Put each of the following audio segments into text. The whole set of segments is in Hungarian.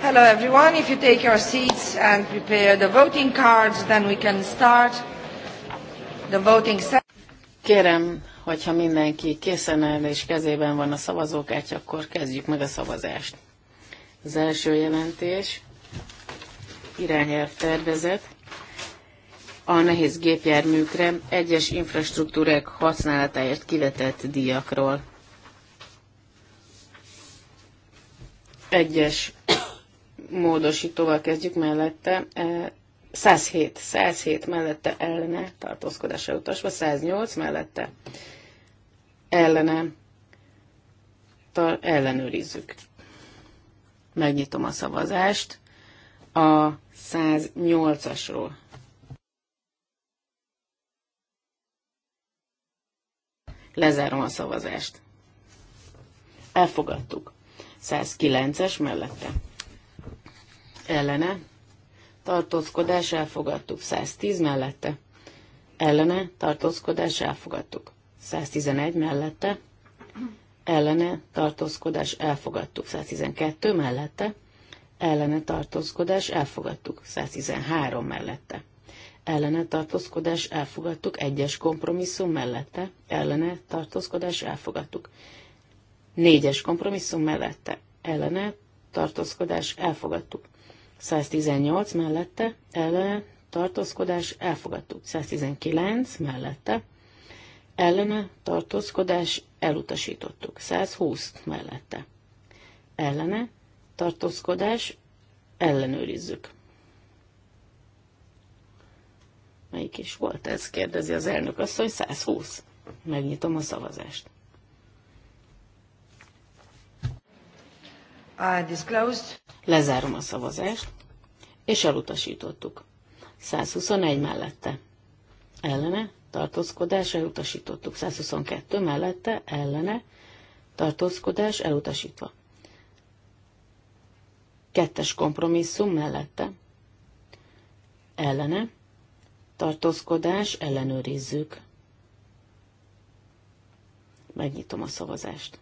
Hello everyone, if you take your seats and prepare the voting cards, then we can start the voting Kérem, hogyha mindenki készen el és kezében van a szavazókács, akkor kezdjük meg a szavazást. Az első jelentés, irányelv tervezet, a nehéz gépjárműkre egyes infrastruktúrák használatáért kivetett díjakról. egyes módosítóval kezdjük mellette. 107, e, 107 mellette ellene, tartózkodásra utasva, 108 mellette ellene, tar, ellenőrizzük. Megnyitom a szavazást a 108-asról. Lezárom a szavazást. Elfogadtuk. 109-es mellette. Ellene. Tartózkodás elfogadtuk. 110 mellette. Ellene. Tartózkodás elfogadtuk. 111 mellette. Ellene. Tartózkodás elfogadtuk. 112 mellette. Ellene tartózkodás elfogadtuk. 113 mellette ellene tartózkodás elfogadtuk, egyes kompromisszum mellette, ellene tartózkodás elfogadtuk. Négyes kompromisszum mellette ellene tartózkodás elfogadtuk. 118 mellette ellene tartózkodás elfogadtuk. 119 mellette ellene tartózkodás elutasítottuk. 120 mellette ellene tartózkodás ellenőrizzük. Melyik is volt ez? kérdezi az elnök asszony. 120. Megnyitom a szavazást. Ah, Lezárom a szavazást, és elutasítottuk. 121 mellette. Ellene, tartózkodás, elutasítottuk. 122 mellette, ellene, tartózkodás, elutasítva. Kettes kompromisszum mellette. Ellene, tartózkodás, ellenőrizzük. Megnyitom a szavazást.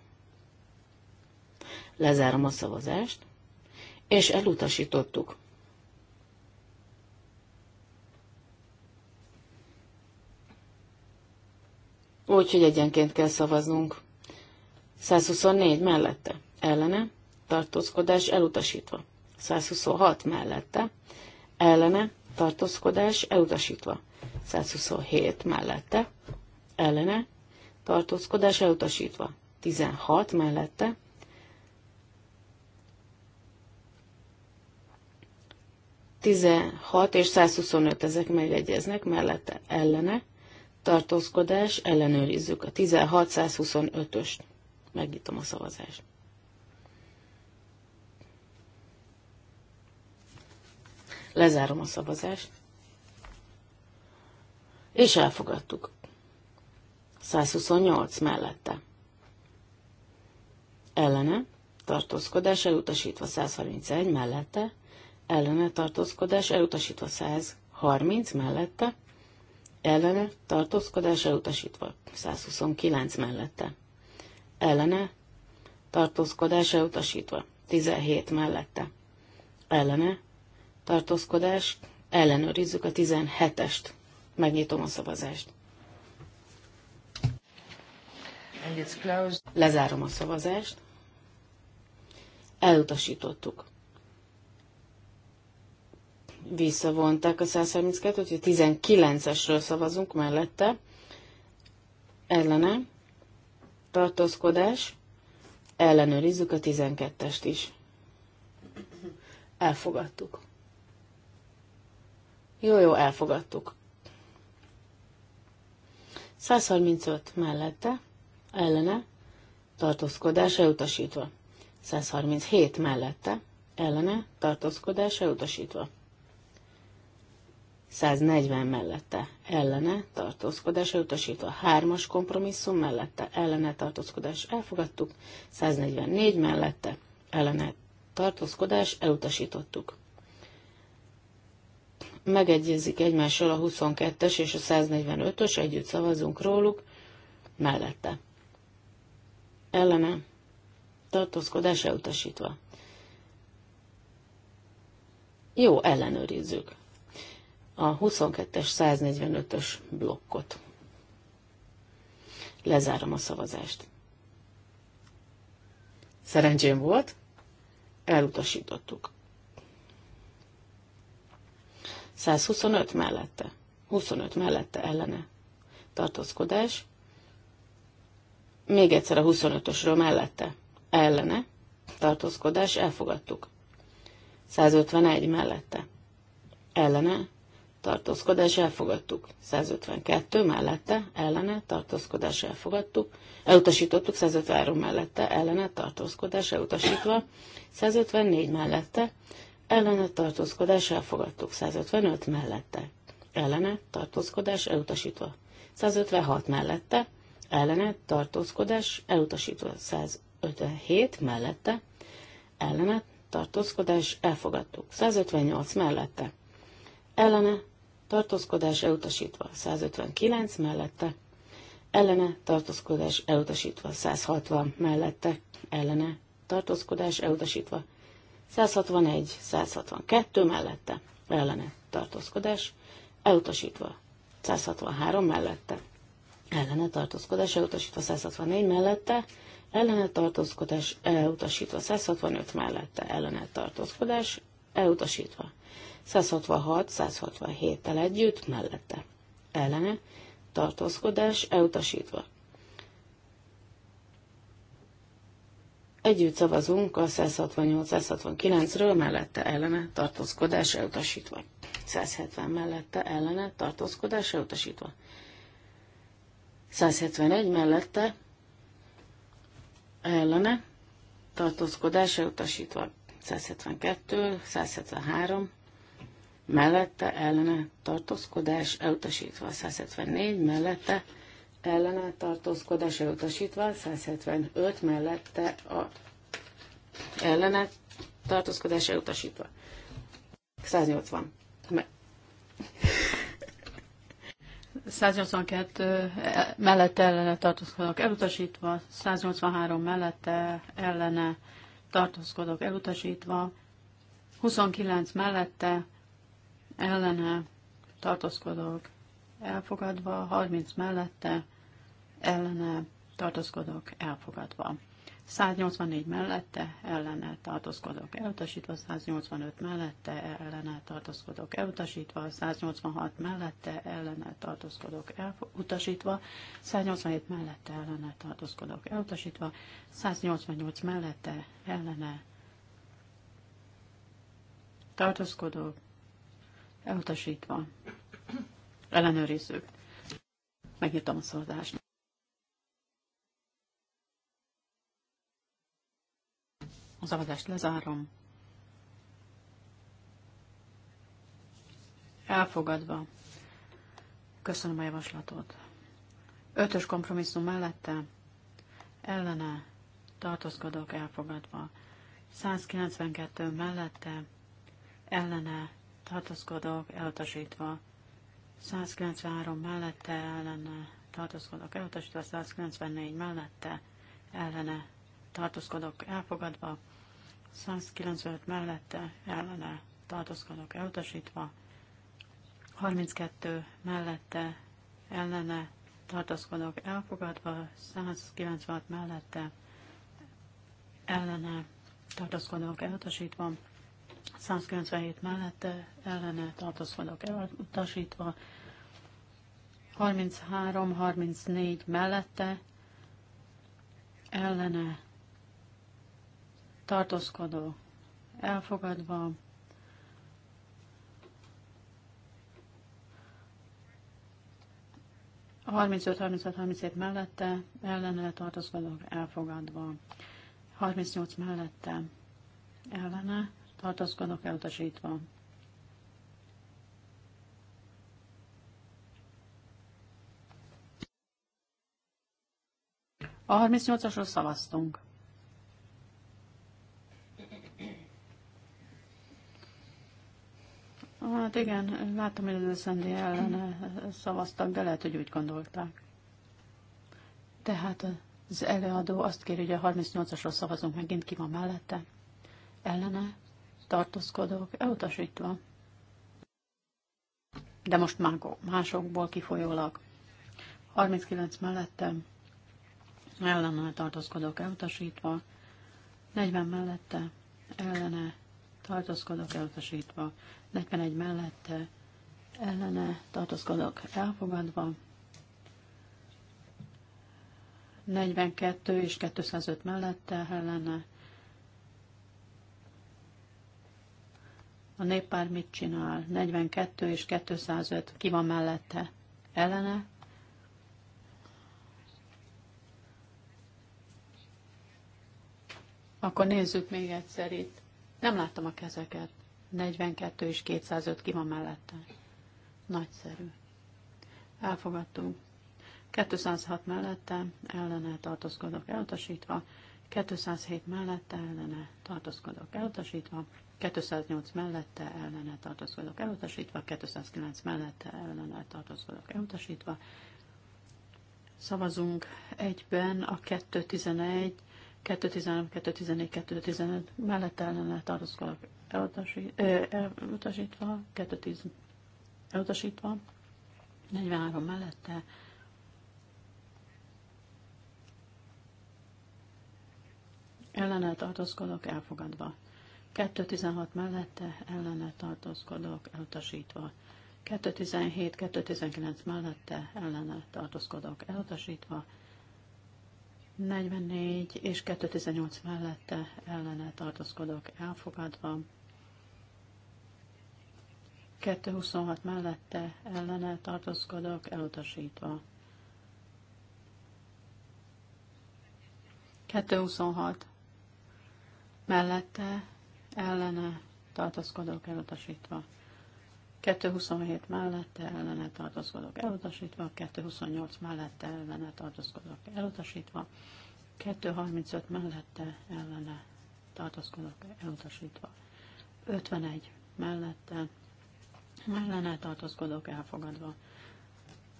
Lezárom a szavazást, és elutasítottuk. Úgyhogy egyenként kell szavaznunk. 124 mellette, ellene, tartózkodás elutasítva. 126 mellette, ellene, tartózkodás elutasítva. 127 mellette, ellene, tartózkodás elutasítva. 16 mellette, 16 és 125 ezek megegyeznek, mellette ellene, tartózkodás, ellenőrizzük a 16-125-öst. Megnyitom a szavazást. Lezárom a szavazást. És elfogadtuk. 128 mellette. Ellene, tartózkodás elutasítva 131 mellette, ellene tartózkodás elutasítva 130 mellette, ellene tartózkodás elutasítva 129 mellette, ellene tartózkodás elutasítva 17 mellette, ellene tartózkodás, ellenőrizzük a 17-est, megnyitom a szavazást. Lezárom a szavazást. Elutasítottuk visszavonták a 132-t, hogy 19-esről szavazunk mellette, ellene, tartózkodás, ellenőrizzük a 12-est is. Elfogadtuk. Jó, jó, elfogadtuk. 135 mellette, ellene, tartózkodás elutasítva. 137 mellette, ellene, tartózkodás elutasítva. 140 mellette ellene tartózkodás elutasítva, 3-as kompromisszum mellette ellene tartózkodás elfogadtuk, 144 mellette ellene tartózkodás elutasítottuk. Megegyezik egymással a 22-es és a 145-ös, együtt szavazunk róluk, mellette. Ellene tartózkodás elutasítva. Jó, ellenőrizzük a 22-es 145-ös blokkot. Lezárom a szavazást. Szerencsém volt, elutasítottuk. 125 mellette, 25 mellette ellene. Tartózkodás. Még egyszer a 25-ösről mellette, ellene. Tartózkodás, elfogadtuk. 151 mellette, ellene tartózkodás elfogadtuk. 152 mellette, ellene, tartózkodás elfogadtuk. Elutasítottuk 153 mellette, ellene, tartózkodás elutasítva. 154 mellette, ellene, tartózkodás elfogadtuk. 155 mellette, ellene, tartózkodás elutasítva. 156 mellette, ellene, tartózkodás elutasítva. 157 mellette, ellene, tartózkodás elfogadtuk. 158 mellette, ellene tartózkodás elutasítva 159 mellette, ellene tartózkodás elutasítva 160 mellette, ellene tartózkodás elutasítva 161, 162 mellette, ellene tartózkodás elutasítva 163 mellette, ellene tartózkodás elutasítva 164 mellette, ellene tartózkodás elutasítva 165 mellette, ellene tartózkodás elutasítva. 166-167-tel együtt, mellette. Ellene, tartózkodás, elutasítva. Együtt szavazunk a 168-169-ről, mellette ellene tartózkodás elutasítva. 170 mellette ellene tartózkodás elutasítva. 171 mellette ellene tartózkodás elutasítva. 172, 173, mellette ellene tartózkodás elutasítva 174, mellette ellene tartózkodás elutasítva 175, mellette a ellene tartózkodás elutasítva 180. 182 e, mellette ellene tartózkodok elutasítva, 183 mellette ellene tartózkodok elutasítva, 29 mellette ellene tartózkodok elfogadva, 30 mellette ellene tartózkodok elfogadva. 184 mellette ellene tartózkodok elutasítva, 185 mellette ellene tartózkodok elutasítva, 186 mellette ellene tartózkodok elutasítva, 187 mellette ellene tartózkodok elutasítva, 188 mellette ellene tartózkodok elutasítva. Ellenőrizzük. Megnyitom a szavazást. az adást lezárom. Elfogadva. Köszönöm a javaslatot. Ötös kompromisszum mellette ellene tartózkodok elfogadva. 192 mellette ellene tartózkodok elutasítva. 193 mellette ellene tartózkodok elutasítva. 194 mellette ellene tartózkodok elfogadva. 195 mellette ellene tartózkodok elutasítva, 32 mellette ellene tartózkodok elfogadva, 196 mellette ellene tartózkodok elutasítva, 197 mellette ellene tartózkodok elutasítva, 33-34 mellette ellene tartózkodó elfogadva, a 35, 36, 37 mellette, ellene tartózkodók elfogadva, 38 mellette, ellene tartózkodók elutasítva. A 38-asról szavaztunk. Hát igen, láttam, hogy az SZND ellen eh, szavaztak, de lehet, hogy úgy gondolták. Tehát az előadó azt kéri, hogy a 38-asról szavazunk megint, ki van mellette. Ellene tartózkodok, elutasítva. De most másokból kifolyólag. 39 mellettem, ellene tartózkodok, elutasítva. 40 mellette, ellene tartozkodok elutasítva, 41 mellette ellene tartozkodok elfogadva, 42 és 205 mellette ellene. A néppár mit csinál? 42 és 205 ki van mellette? Ellene? Akkor nézzük még egyszer itt. Nem láttam a kezeket. 42 és 205 ki van mellette. Nagyszerű. Elfogadtunk. 206 mellette ellene tartózkodok elutasítva, 207 mellette ellene tartózkodok elutasítva, 208 mellette ellene tartózkodok elutasítva, 209 mellette ellene tartózkodok elutasítva. Szavazunk egyben a 211 213, 214, 215 mellett ellene tartózkodók elutasítva, 210 elutasítva, 43 mellette ellene tartózkodok elfogadva, 216 mellette ellene tartózkodok elutasítva, 217, 219 mellette ellene tartózkodok elutasítva, 44 és 218 mellette ellene tartózkodok elfogadva. 226 mellette ellene tartózkodok elutasítva. 226 mellette ellene tartózkodok elutasítva. 227 mellette ellene tartozkodok elutasítva, 228 mellette ellene tartozkodok elutasítva, 235 mellette ellene tartozkodok elutasítva, 51 mellette ellene tartozkodok elfogadva.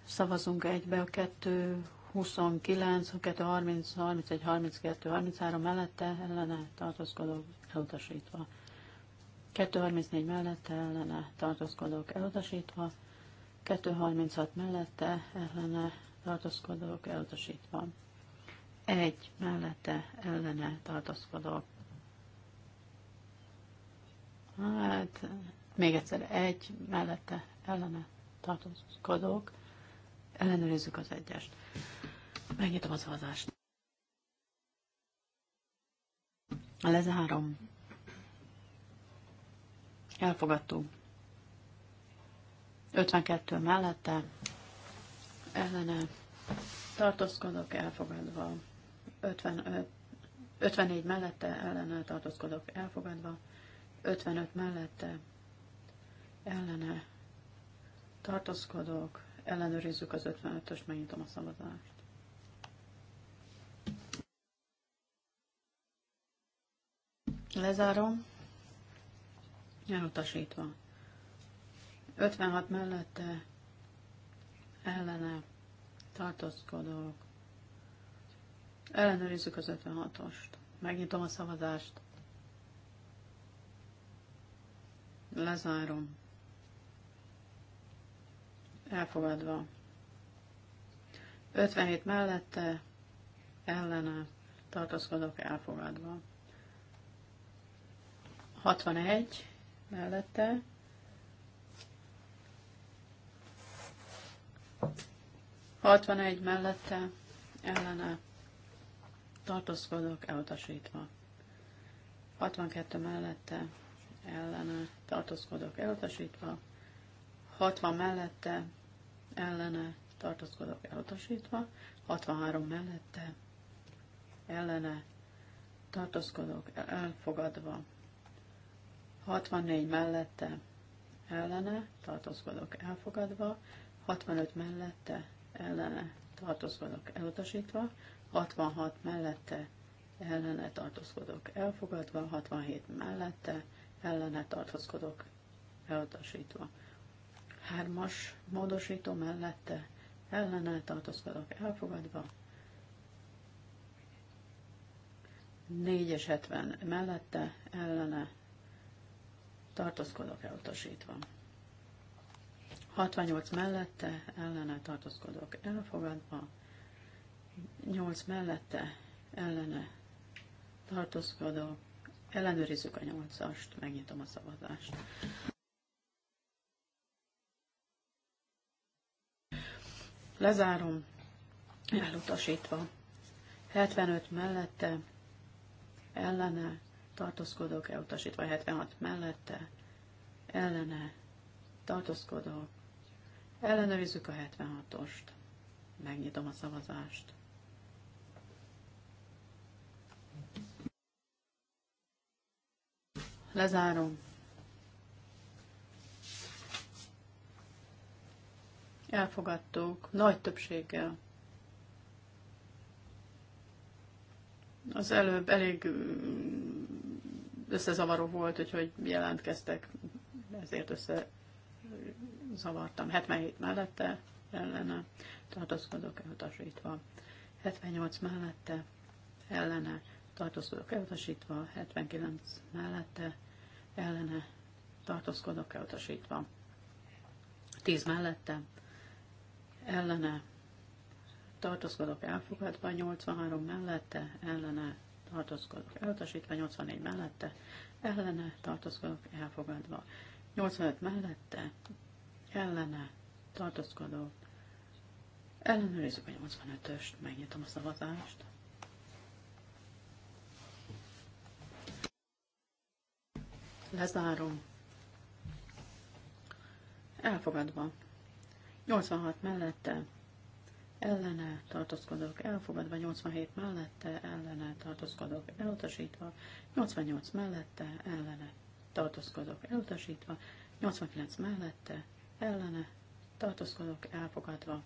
Szavazunk egybe a 229, 230, 31, 32, 33 mellette ellene tartozkodok elutasítva. 234 mellette ellene tartózkodók elutasítva, 236 mellette ellene tartózkodók elutasítva, 1 mellette ellene tartózkodók. Hát, még egyszer, egy mellette ellene tartózkodók. Ellenőrizzük az egyest. Megnyitom a szavazást. Lezárom. Elfogadtuk. 52 mellette ellene tartózkodok, elfogadva. 55, 54 mellette ellene tartózkodok, elfogadva. 55 mellette ellene tartózkodok, ellenőrizzük az 55-öst, megnyitom a szavazást. Lezárom elutasítva. 56 mellette ellene tartózkodók. Ellenőrizzük az 56-ost. Megnyitom a szavazást. Lezárom. Elfogadva. 57 mellette ellene tartózkodok elfogadva. 61 mellette. egy mellette ellene tartózkodok elutasítva. 62 mellette ellene tartózkodok elutasítva. 60 mellette ellene tartózkodok elutasítva. 63 mellette ellene tartózkodok elfogadva. 64 mellette ellene tartózkodok elfogadva, 65 mellette ellene tartózkodok elutasítva, 66 mellette ellene tartózkodok elfogadva, 67 mellette ellene tartózkodok elutasítva. Hármas módosító mellette ellene tartózkodok elfogadva, 4 és 70 mellette ellene tartózkodok elutasítva. 68 mellette ellene tartózkodok elfogadva, 8 mellette ellene tartózkodok, ellenőrizzük a 8-ast, megnyitom a szavazást. Lezárom, elutasítva. 75 mellette ellene tartózkodók elutasítva 76 mellette, ellene tartózkodok, ellenőrizzük a 76-ost, megnyitom a szavazást. Lezárom. Elfogadtuk nagy többséggel. Az előbb elég összezavaró volt, hogy hogy jelentkeztek, ezért összezavartam. 77 mellette ellene tartózkodok elutasítva. 78 mellette ellene tartózkodok elutasítva, 79 mellette ellene tartózkodok elutasítva. 10 mellette ellene tartózkodok elfogadva, 83 mellette, ellene tartózkodok elutasítva, 84 mellette, ellene tartózkodok elfogadva, 85 mellette, ellene tartózkodok, ellenőrizzük a 85-öst, megnyitom a szavazást. Lezárom. Elfogadva. 86 mellette, ellene tartózkodok elfogadva, 87 mellette ellene tartózkodok elutasítva, 88 mellette ellene tartózkodok elutasítva, 89 mellette ellene tartózkodok elfogadva,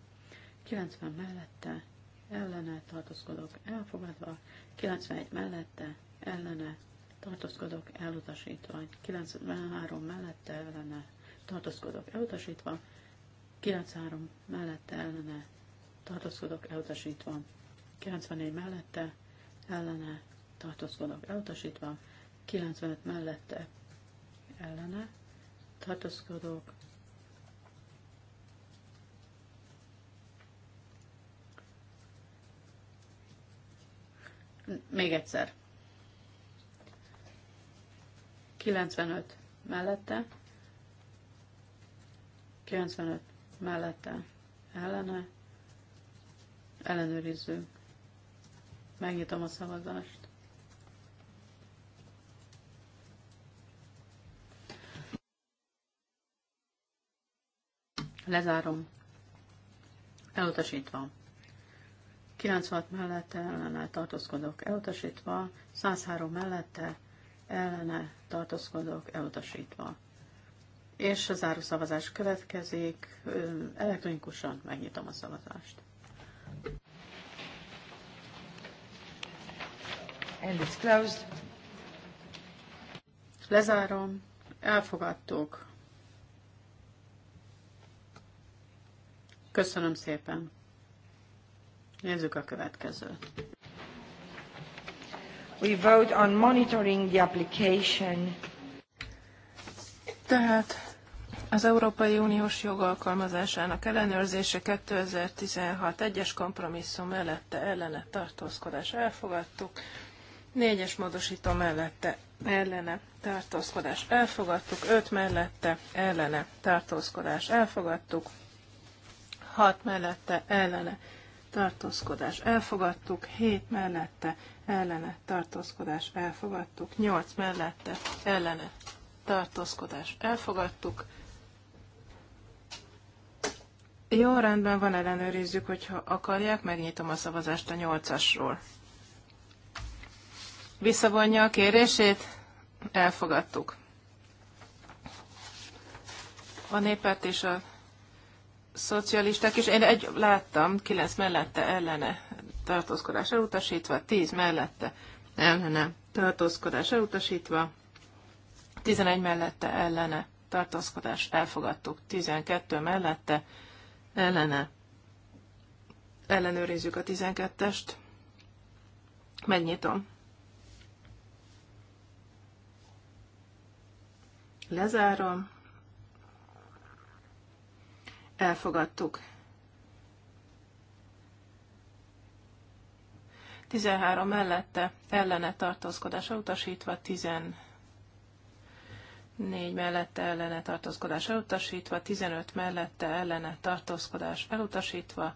90 mellette ellene tartózkodok elfogadva, 91 mellette ellene tartózkodok elutasítva, 93 mellette ellene tartózkodok elutasítva, 93 mellette ellene tartózkodok elutasítva. 94 mellette, ellene, tartózkodok elutasítva. 95 mellette, ellene, tartózkodok. Még egyszer. 95 mellette, 95 mellette, ellene, ellenőrizzük. Megnyitom a szavazást. Lezárom. Elutasítva. 96 mellette ellene tartózkodok, elutasítva. 103 mellette ellene tartózkodok, elutasítva. És a záró szavazás következik. Elektronikusan megnyitom a szavazást. And it's closed. Lezárom. Elfogadtuk. Köszönöm szépen. Nézzük a következőt. We vote on monitoring the application. Tehát az Európai Uniós jogalkalmazásának ellenőrzése 2016 egyes kompromisszum mellette ellene tartózkodás elfogadtuk, Négyes módosító mellette ellene tartózkodás elfogadtuk, öt mellette ellene tartózkodás elfogadtuk, hat mellette ellene tartózkodás elfogadtuk, 7 mellette ellene tartózkodás elfogadtuk, 8 mellette ellene tartózkodás elfogadtuk. Jó, rendben van, ellenőrizzük, hogyha akarják, megnyitom a szavazást a 8-asról. Visszavonja a kérését? Elfogadtuk. A néppárt és a szocialisták, és én egy láttam, kilenc mellette ellene tartózkodás elutasítva, tíz mellette ellene tartózkodás elutasítva, tizenegy mellette ellene tartózkodás elfogadtuk, tizenkettő mellette ellene ellenőrizzük a tizenkettest. Megnyitom. Lezárom. Elfogadtuk. 13 mellette ellene tartózkodásra utasítva, 14 mellette ellene tartózkodás elutasítva, 15 mellette ellene tartózkodás elutasítva,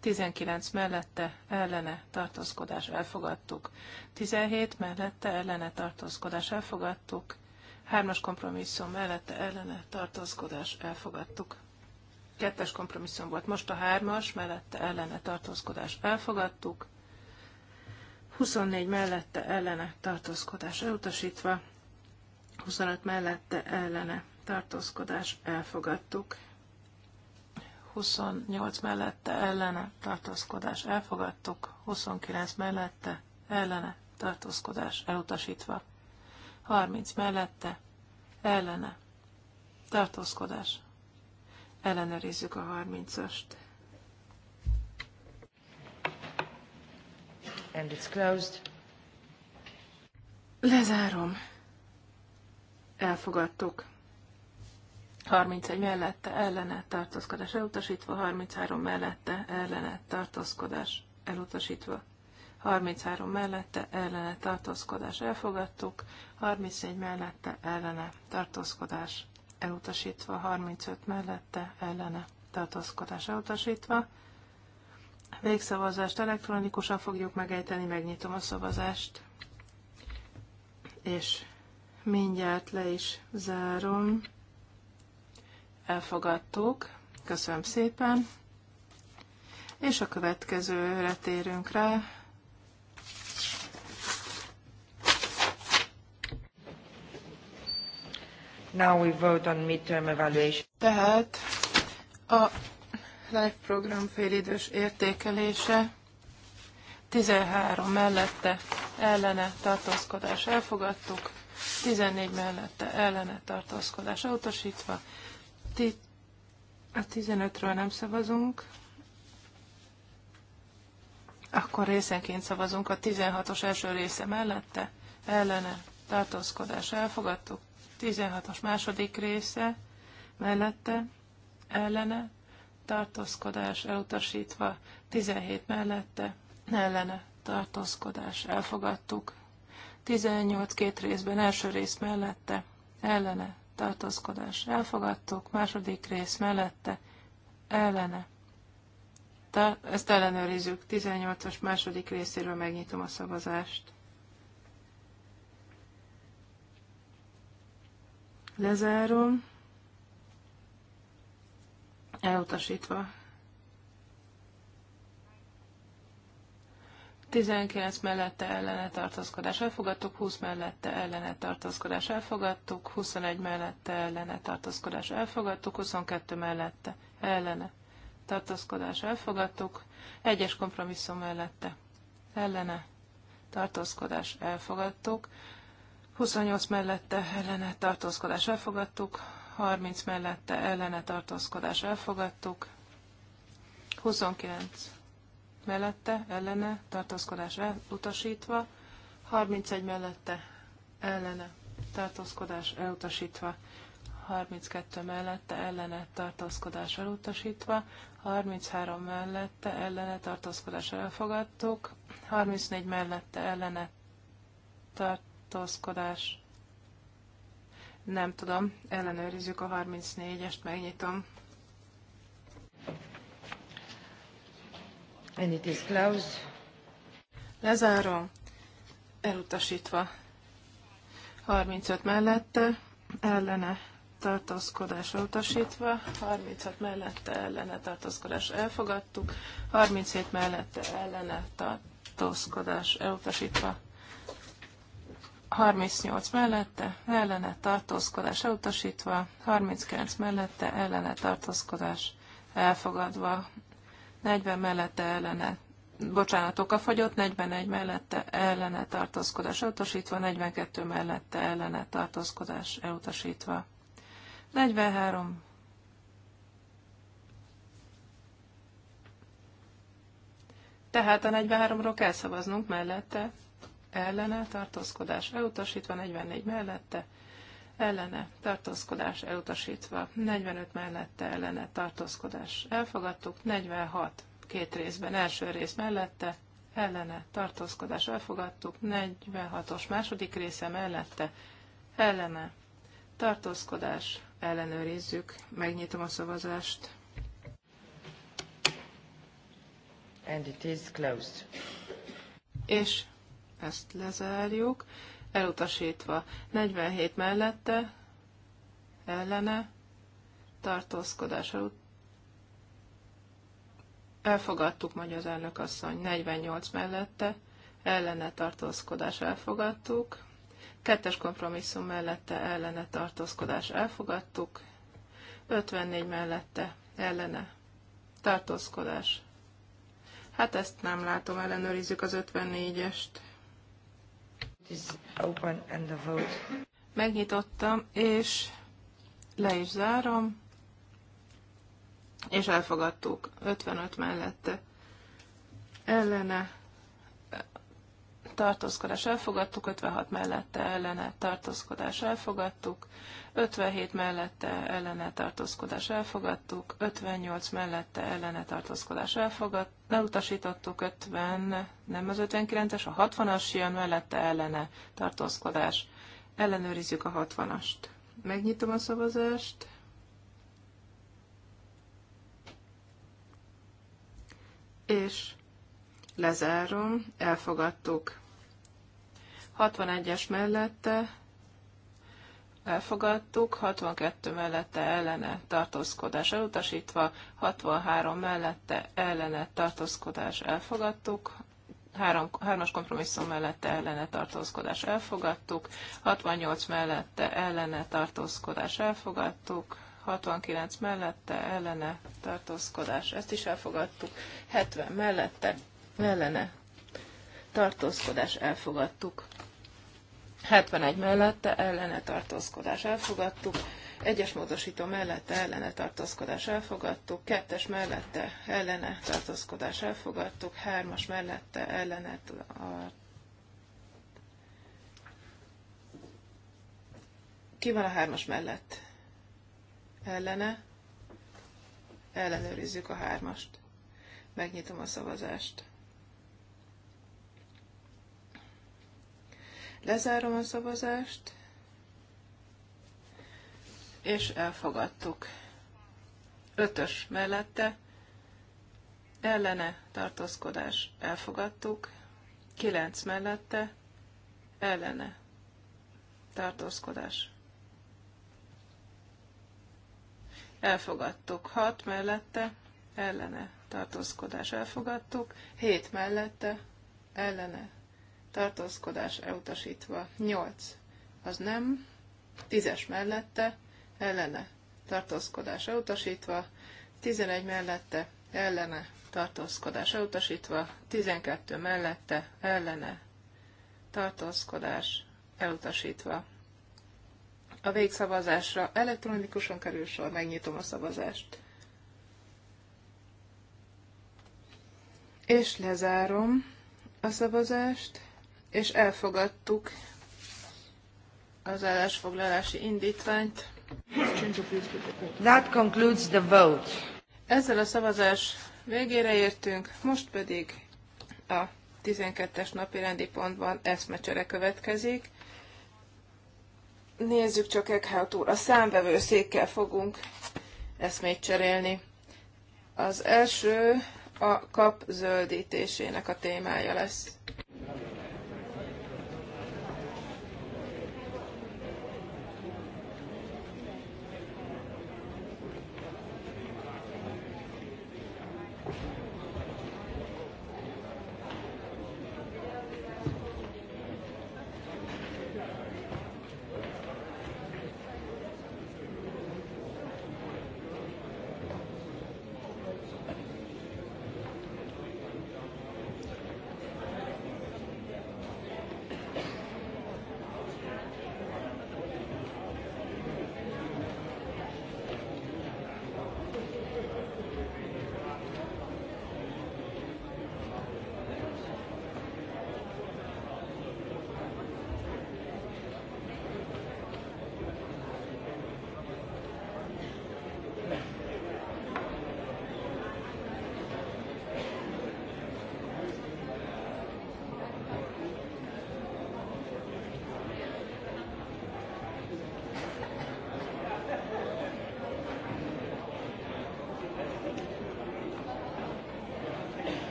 19 mellette ellene tartózkodás elfogadtuk, 17 mellette ellene tartózkodás elfogadtuk, Hármas kompromisszum mellette ellene tartózkodás elfogadtuk. Kettes kompromisszum volt most a hármas, mellette ellene tartózkodás elfogadtuk. 24 mellette ellene tartózkodás elutasítva, 25 mellette ellene tartózkodás elfogadtuk, 28 mellette ellene tartózkodás elfogadtuk, 29 mellette ellene tartózkodás elutasítva. 30 mellette, ellene, tartózkodás. Ellenőrizzük a 30-ast. And it's closed. Lezárom. Elfogadtuk. 31 mellette ellene tartózkodás elutasítva, 33 mellette ellene tartózkodás elutasítva. 33 mellette ellene tartózkodás elfogadtuk, 31 mellette ellene tartózkodás elutasítva, 35 mellette ellene tartózkodás elutasítva. Végszavazást elektronikusan fogjuk megejteni, megnyitom a szavazást, és mindjárt le is zárom. Elfogadtuk. Köszönöm szépen. És a következőre térünk rá. Now we vote on midterm evaluation. Tehát a LIFE program félidős értékelése 13 mellette ellene tartózkodás elfogadtuk, 14 mellette ellene tartózkodás elutasítva, a 15-ről nem szavazunk, akkor részenként szavazunk a 16-os első része mellette, ellene tartózkodás elfogadtuk, 16-os második része mellette ellene tartózkodás elutasítva, 17 mellette ellene tartózkodás elfogadtuk, 18 két részben első rész mellette ellene tartózkodás elfogadtuk, második rész mellette ellene. Ta, ezt ellenőrizzük, 18-as második részéről megnyitom a szavazást. Lezárom. Elutasítva. 19 mellette ellene tartózkodás elfogadtuk, 20 mellette ellene tartózkodás elfogadtuk, 21 mellette ellene tartózkodás elfogadtuk, 22 mellette ellene tartózkodás elfogadtuk, egyes kompromisszum mellette ellene tartózkodás elfogadtuk, 28 mellette ellene tartózkodás elfogadtuk, 30 mellette ellene tartózkodás elfogadtuk, 29 mellette ellene tartózkodás elutasítva, 31 mellette ellene tartózkodás elutasítva, 32 mellette ellene tartózkodás elutasítva, 33 mellette ellene tartózkodás elfogadtuk, 34 mellette ellene tartózkodás tartózkodás. Nem tudom, ellenőrizzük a 34-est, megnyitom. And it is closed. Lezárom. Elutasítva. 35 mellette, ellene tartózkodás utasítva, 36 mellette ellene tartózkodás elfogadtuk, 37 mellette ellene tartózkodás elutasítva, 38 mellette, ellene tartózkodás elutasítva, 39 mellette, ellene tartózkodás elfogadva, 40 mellette ellene, bocsánat, fagyott, 41 mellette ellene tartózkodás elutasítva, 42 mellette ellene tartózkodás elutasítva, 43 Tehát a 43-ról kell szavaznunk mellette, ellene tartózkodás elutasítva, 44 mellette ellene tartózkodás elutasítva, 45 mellette ellene tartózkodás elfogadtuk, 46 két részben, első rész mellette ellene tartózkodás elfogadtuk, 46-os második része mellette ellene tartózkodás ellenőrizzük, megnyitom a szavazást. And it is closed. És ezt lezárjuk. Elutasítva. 47 mellette, ellene, tartózkodás Elfogadtuk, mondja az elnök asszony. 48 mellette, ellene tartózkodás elfogadtuk. Kettes kompromisszum mellette ellene tartózkodás elfogadtuk. 54 mellette ellene tartózkodás. Hát ezt nem látom, ellenőrizzük az 54-est. Megnyitottam, és le is zárom, és elfogadtuk 55 mellette. Ellene tartózkodás elfogadtuk, 56 mellette ellene tartózkodás elfogadtuk, 57 mellette ellene tartózkodás elfogadtuk, 58 mellette ellene tartózkodás elfogadt, elutasítottuk, 50, nem az 59-es, a 60-as jön mellette ellene tartózkodás. Ellenőrizzük a 60-ast. Megnyitom a szavazást. És lezárom, elfogadtuk 61-es mellette elfogadtuk, 62 mellette ellene tartózkodás elutasítva, 63 mellette ellene tartózkodás elfogadtuk, 3, as kompromisszum mellette ellene tartózkodás elfogadtuk, 68 mellette ellene tartózkodás elfogadtuk, 69 mellette ellene tartózkodás, ezt is elfogadtuk, 70 mellette ellene tartózkodás elfogadtuk. 71 mellette ellene tartózkodás elfogadtuk, egyes módosító mellette ellene tartózkodás elfogadtuk, kettes mellette ellene tartózkodás elfogadtuk, hármas mellette ellene a... Ki van a hármas mellett? Ellene? Ellenőrizzük a hármast. Megnyitom a szavazást. Lezárom a szavazást, és elfogadtuk. Ötös mellette ellene tartózkodás elfogadtuk, kilenc mellette ellene tartózkodás. Elfogadtuk hat mellette ellene tartózkodás elfogadtuk, hét mellette ellene tartózkodás elutasítva. 8. Az nem. 10-es mellette, ellene, tartózkodás elutasítva. 11 mellette, ellene, tartózkodás elutasítva. 12 mellette, ellene, tartózkodás elutasítva. A végszavazásra elektronikusan kerül sor, megnyitom a szavazást. És lezárom a szavazást és elfogadtuk az állásfoglalási indítványt. That concludes the vote. Ezzel a szavazás végére értünk, most pedig a 12-es napi rendi pontban eszmecsere következik. Nézzük csak Eckhout úr, a számvevőszékkel fogunk eszmét cserélni. Az első a kap zöldítésének a témája lesz.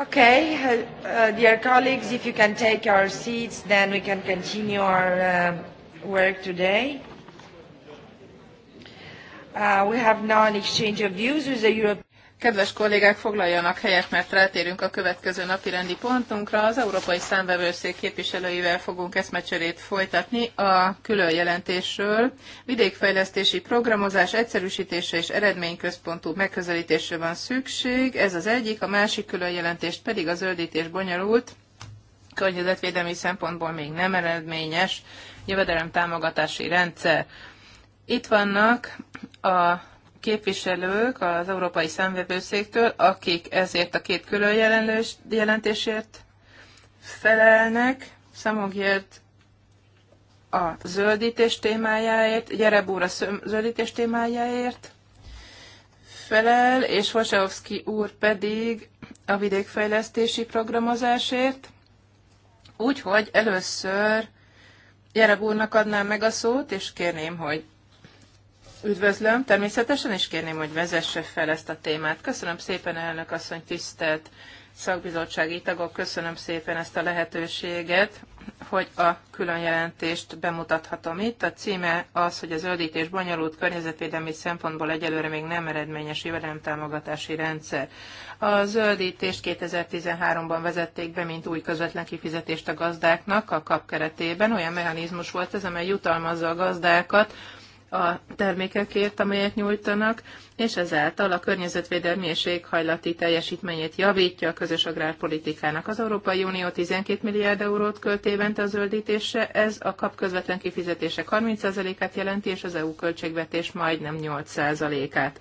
Okay, uh, uh, dear colleagues, if you can take our seats, then we can continue our uh, work today. Uh, we have now an exchange of views with the European Kedves kollégák, foglaljanak helyet, mert rátérünk a következő napi rendi pontunkra. Az Európai Számvevőszék képviselőivel fogunk eszmecserét folytatni a külön jelentésről. Vidékfejlesztési programozás egyszerűsítése és eredményközpontú megközelítésre van szükség. Ez az egyik, a másik külön jelentést pedig a zöldítés bonyolult, környezetvédelmi szempontból még nem eredményes jövedelem támogatási rendszer. Itt vannak a képviselők az Európai Számvevőszéktől, akik ezért a két külön jelentésért felelnek, Szamogért a zöldítés témájáért, Gyereb úr a zöldítés témájáért felel, és Vasevski úr pedig a vidékfejlesztési programozásért. Úgyhogy először Gyereb úrnak adnám meg a szót, és kérném, hogy Üdvözlöm, természetesen is kérném, hogy vezesse fel ezt a témát. Köszönöm szépen, elnök asszony, tisztelt szakbizottsági tagok, köszönöm szépen ezt a lehetőséget, hogy a külön jelentést bemutathatom itt. A címe az, hogy a zöldítés bonyolult környezetvédelmi szempontból egyelőre még nem eredményes jövedelemtámogatási rendszer. A zöldítést 2013-ban vezették be, mint új közvetlen kifizetést a gazdáknak a kap keretében. Olyan mechanizmus volt ez, amely jutalmazza a gazdákat, a termékekért, amelyet nyújtanak, és ezáltal a környezetvédelmi és éghajlati teljesítményét javítja a közös agrárpolitikának. Az Európai Unió 12 milliárd eurót költ évente a zöldítésre, ez a kap közvetlen kifizetések 30%-át jelenti, és az EU költségvetés majdnem 8%-át.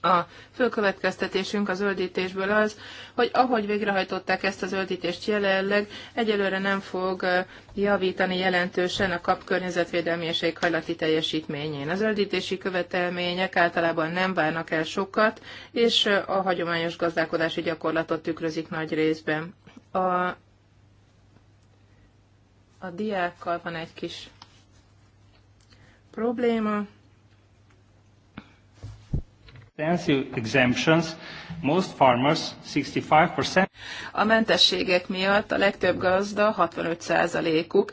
A fő következtetésünk az öldítésből az, hogy ahogy végrehajtották ezt az öldítést jelenleg, egyelőre nem fog javítani jelentősen a kap környezetvédelmi és éghajlati teljesítményén. az öldítési követelmények általában nem várnak el sokat, és a hagyományos gazdálkodási gyakorlatot tükrözik nagy részben. A, a diákkal van egy kis probléma. A mentességek miatt a legtöbb gazda 65%-uk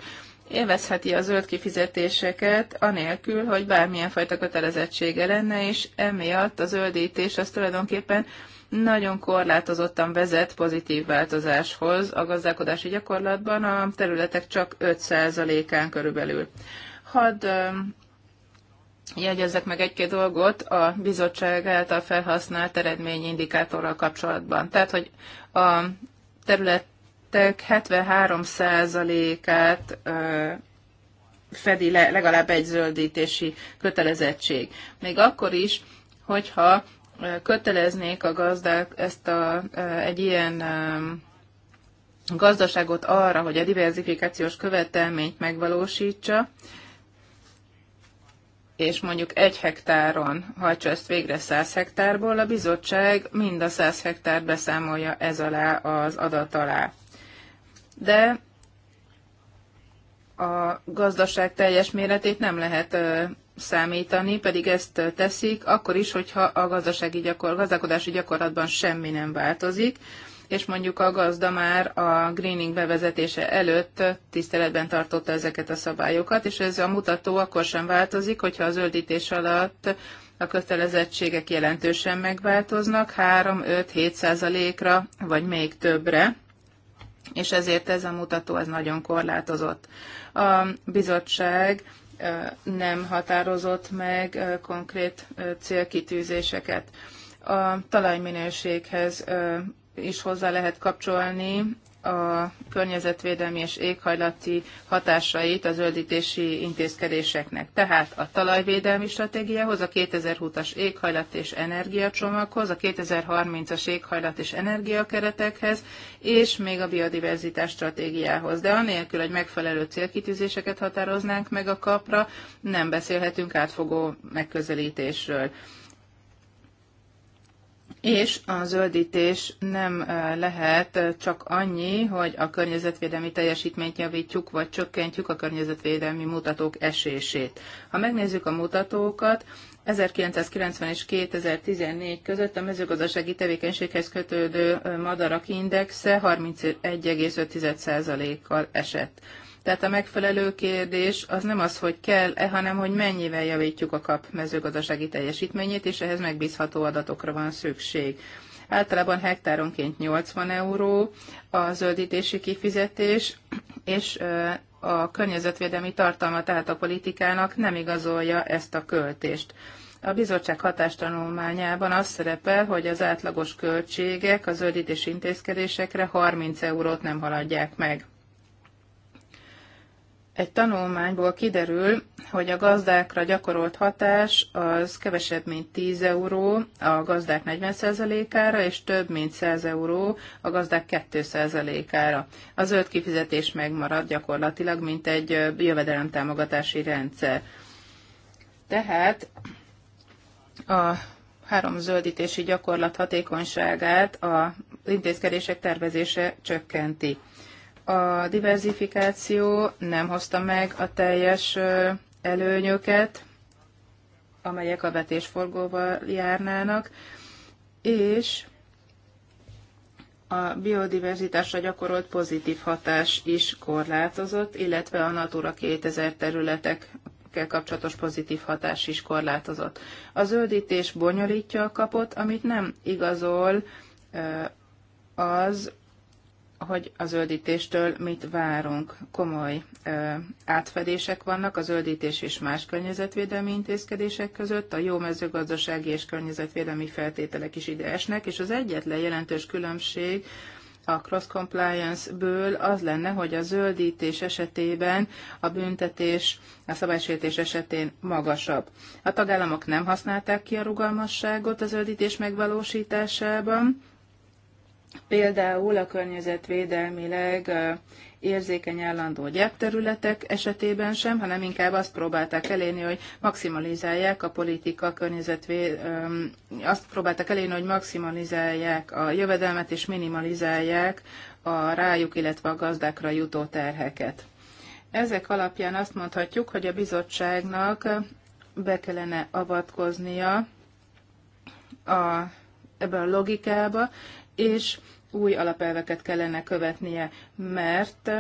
élvezheti a zöld kifizetéseket, anélkül, hogy bármilyen fajta kötelezettsége lenne, és emiatt a zöldítés az tulajdonképpen nagyon korlátozottan vezet pozitív változáshoz a gazdálkodási gyakorlatban, a területek csak 5%-án körülbelül. Hadd jegyezzek meg egy-két dolgot a bizottság által felhasznált eredményindikátorral kapcsolatban. Tehát, hogy a területek 73%-át fedi le legalább egy zöldítési kötelezettség. Még akkor is, hogyha köteleznék a gazdák ezt a, egy ilyen gazdaságot arra, hogy a diversifikációs követelményt megvalósítsa, és mondjuk egy hektáron hajtsa ezt végre 100 hektárból, a bizottság mind a 100 hektárt beszámolja ez alá az adat alá. De a gazdaság teljes méretét nem lehet számítani, pedig ezt teszik, akkor is, hogyha a gazdasági gyakor, gazdálkodási gyakorlatban semmi nem változik és mondjuk a gazda már a greening bevezetése előtt tiszteletben tartotta ezeket a szabályokat, és ez a mutató akkor sem változik, hogyha a zöldítés alatt a kötelezettségek jelentősen megváltoznak 3-5-7 százalékra, vagy még többre, és ezért ez a mutató az nagyon korlátozott. A bizottság nem határozott meg konkrét célkitűzéseket. A talajminőséghez is hozzá lehet kapcsolni a környezetvédelmi és éghajlati hatásait az zöldítési intézkedéseknek. Tehát a talajvédelmi stratégiához, a 2020-as éghajlat és energiacsomaghoz, a 2030-as éghajlat és energiakeretekhez, és még a biodiverzitás stratégiához. De anélkül, hogy megfelelő célkitűzéseket határoznánk meg a kapra, nem beszélhetünk átfogó megközelítésről. És a zöldítés nem lehet csak annyi, hogy a környezetvédelmi teljesítményt javítjuk, vagy csökkentjük a környezetvédelmi mutatók esését. Ha megnézzük a mutatókat, 1990 és 2014 között a mezőgazdasági tevékenységhez kötődő madarak indexe 31,5%-kal esett. Tehát a megfelelő kérdés az nem az, hogy kell-e, hanem hogy mennyivel javítjuk a kap mezőgazdasági teljesítményét, és ehhez megbízható adatokra van szükség. Általában hektáronként 80 euró a zöldítési kifizetés, és a környezetvédelmi tartalma tehát a politikának nem igazolja ezt a költést. A bizottság hatástanulmányában az szerepel, hogy az átlagos költségek a zöldítés intézkedésekre 30 eurót nem haladják meg. Egy tanulmányból kiderül, hogy a gazdákra gyakorolt hatás az kevesebb, mint 10 euró a gazdák 40%-ára, és több, mint 100 euró a gazdák 2%-ára. A zöld kifizetés megmarad gyakorlatilag, mint egy jövedelemtámogatási rendszer. Tehát a három zöldítési gyakorlat hatékonyságát az intézkedések tervezése csökkenti a diversifikáció nem hozta meg a teljes előnyöket, amelyek a vetésforgóval járnának, és a biodiverzitásra gyakorolt pozitív hatás is korlátozott, illetve a Natura 2000 területekkel kapcsolatos pozitív hatás is korlátozott. A zöldítés bonyolítja a kapot, amit nem igazol az, hogy a zöldítéstől mit várunk. Komoly ö, átfedések vannak a zöldítés és más környezetvédelmi intézkedések között, a jó mezőgazdasági és környezetvédelmi feltételek is ide esnek, és az egyetlen jelentős különbség a cross compliance-ből az lenne, hogy a zöldítés esetében a büntetés a szabálysértés esetén magasabb. A tagállamok nem használták ki a rugalmasságot a zöldítés megvalósításában, Például a környezetvédelmileg érzékeny állandó gyepterületek esetében sem, hanem inkább azt próbálták elérni, hogy maximalizálják a politika környezetvé, azt próbálták elérni, hogy maximalizálják a jövedelmet és minimalizálják a rájuk, illetve a gazdákra jutó terheket. Ezek alapján azt mondhatjuk, hogy a bizottságnak be kellene avatkoznia a, ebben a logikába, és új alapelveket kellene követnie, mert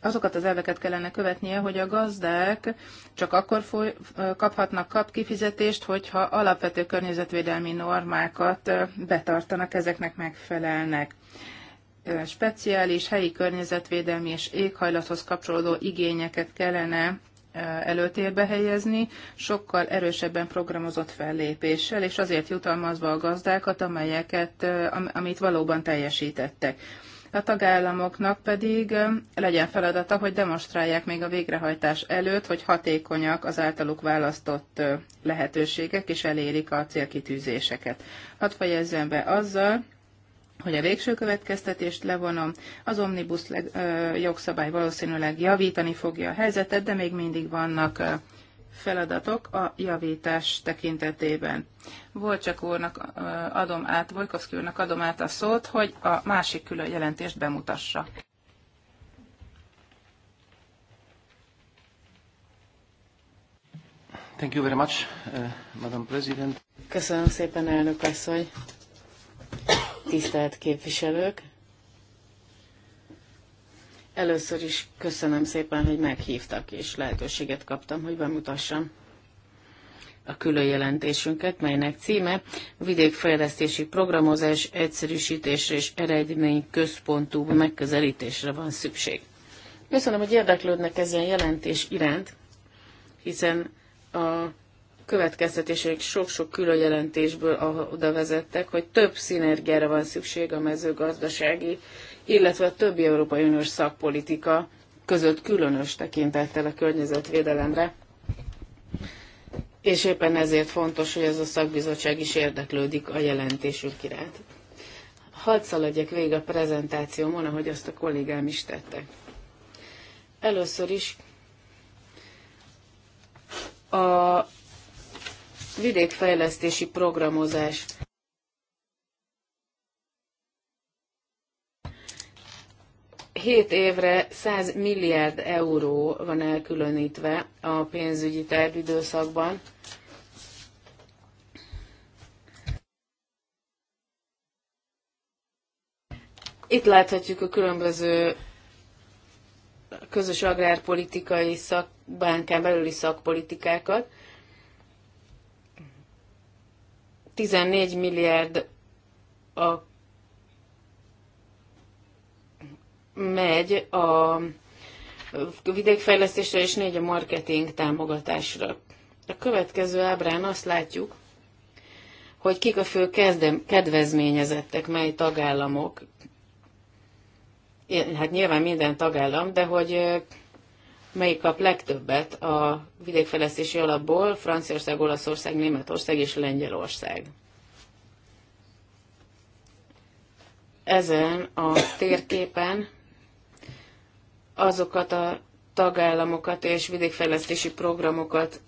azokat az elveket kellene követnie, hogy a gazdák csak akkor foly, kaphatnak kap kifizetést, hogyha alapvető környezetvédelmi normákat betartanak, ezeknek megfelelnek. Speciális helyi környezetvédelmi és éghajlathoz kapcsolódó igényeket kellene előtérbe helyezni, sokkal erősebben programozott fellépéssel, és azért jutalmazva a gazdákat, amelyeket, amit valóban teljesítettek. A tagállamoknak pedig legyen feladata, hogy demonstrálják még a végrehajtás előtt, hogy hatékonyak az általuk választott lehetőségek, és elérik a célkitűzéseket. Hadd fejezzem be azzal, hogy a végső következtetést levonom, az omnibus leg, ö, jogszabály valószínűleg javítani fogja a helyzetet, de még mindig vannak ö, feladatok a javítás tekintetében. Volcsak úrnak ö, adom át, Vojkovszki úrnak adom át a szót, hogy a másik külön jelentést bemutassa. Thank you very much, uh, Madam President. Köszönöm szépen, elnök asszony tisztelt képviselők! Először is köszönöm szépen, hogy meghívtak, és lehetőséget kaptam, hogy bemutassam a külön jelentésünket, melynek címe Vidékfejlesztési Programozás egyszerűsítésre és eredmény központú megközelítésre van szükség. Köszönöm, hogy érdeklődnek ezen jelentés iránt, hiszen a következtetéseik sok-sok külön jelentésből oda vezettek, hogy több szinergiára van szükség a mezőgazdasági, illetve a többi Európai Uniós szakpolitika között különös tekintettel a környezetvédelemre. És éppen ezért fontos, hogy ez a szakbizottság is érdeklődik a jelentésük iránt. Hadd szaladjak végig a prezentációmon, ahogy azt a kollégám is tette. Először is a vidékfejlesztési programozás. Hét évre 100 milliárd euró van elkülönítve a pénzügyi tervidőszakban. Itt láthatjuk a különböző közös agrárpolitikai szakbánkán belüli szakpolitikákat. 14 milliárd a megy a vidékfejlesztésre és 4 a marketing támogatásra. A következő ábrán azt látjuk, hogy kik a fő kezdem, kedvezményezettek, mely tagállamok. Hát nyilván minden tagállam, de hogy melyik kap legtöbbet a vidékfejlesztési alapból, Franciaország, Olaszország, Németország és Lengyelország. Ezen a térképen azokat a tagállamokat és vidékfejlesztési programokat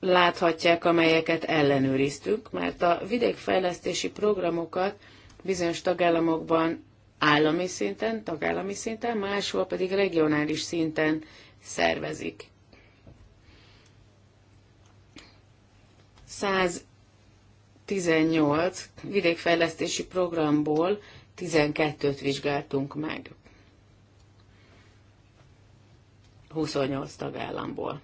láthatják, amelyeket ellenőriztük, mert a vidékfejlesztési programokat bizonyos tagállamokban állami szinten, tagállami szinten, máshol pedig regionális szinten szervezik. 118 vidékfejlesztési programból 12-t vizsgáltunk meg. 28 tagállamból.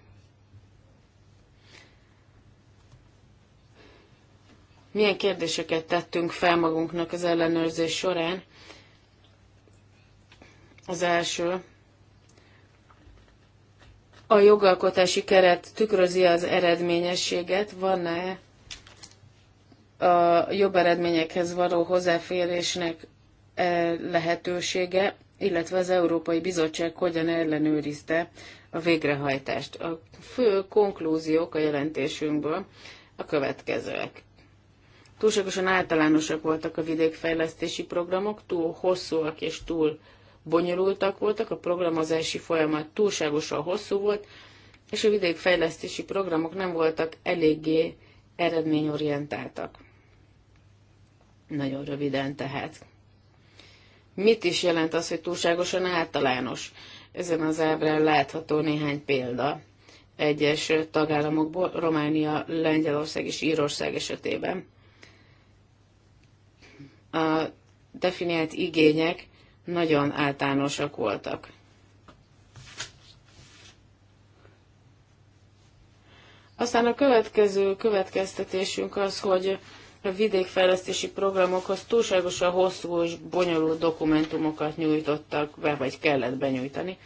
Milyen kérdéseket tettünk fel magunknak az ellenőrzés során? Az első, a jogalkotási keret tükrözi az eredményességet, van-e a jobb eredményekhez való hozzáférésnek e lehetősége, illetve az Európai Bizottság hogyan ellenőrizte a végrehajtást. A fő konklúziók a jelentésünkből a következőek. Túlságosan általánosak voltak a vidékfejlesztési programok, túl hosszúak és túl bonyolultak voltak, a programozási folyamat túlságosan hosszú volt, és a vidékfejlesztési programok nem voltak eléggé eredményorientáltak. Nagyon röviden tehát. Mit is jelent az, hogy túlságosan általános? Ezen az ábrán látható néhány példa egyes tagállamokból, Románia, Lengyelország és Írország esetében. A definiált igények nagyon általánosak voltak. Aztán a következő következtetésünk az, hogy a vidékfejlesztési programokhoz túlságosan hosszú és bonyolult dokumentumokat nyújtottak be, vagy kellett benyújtani.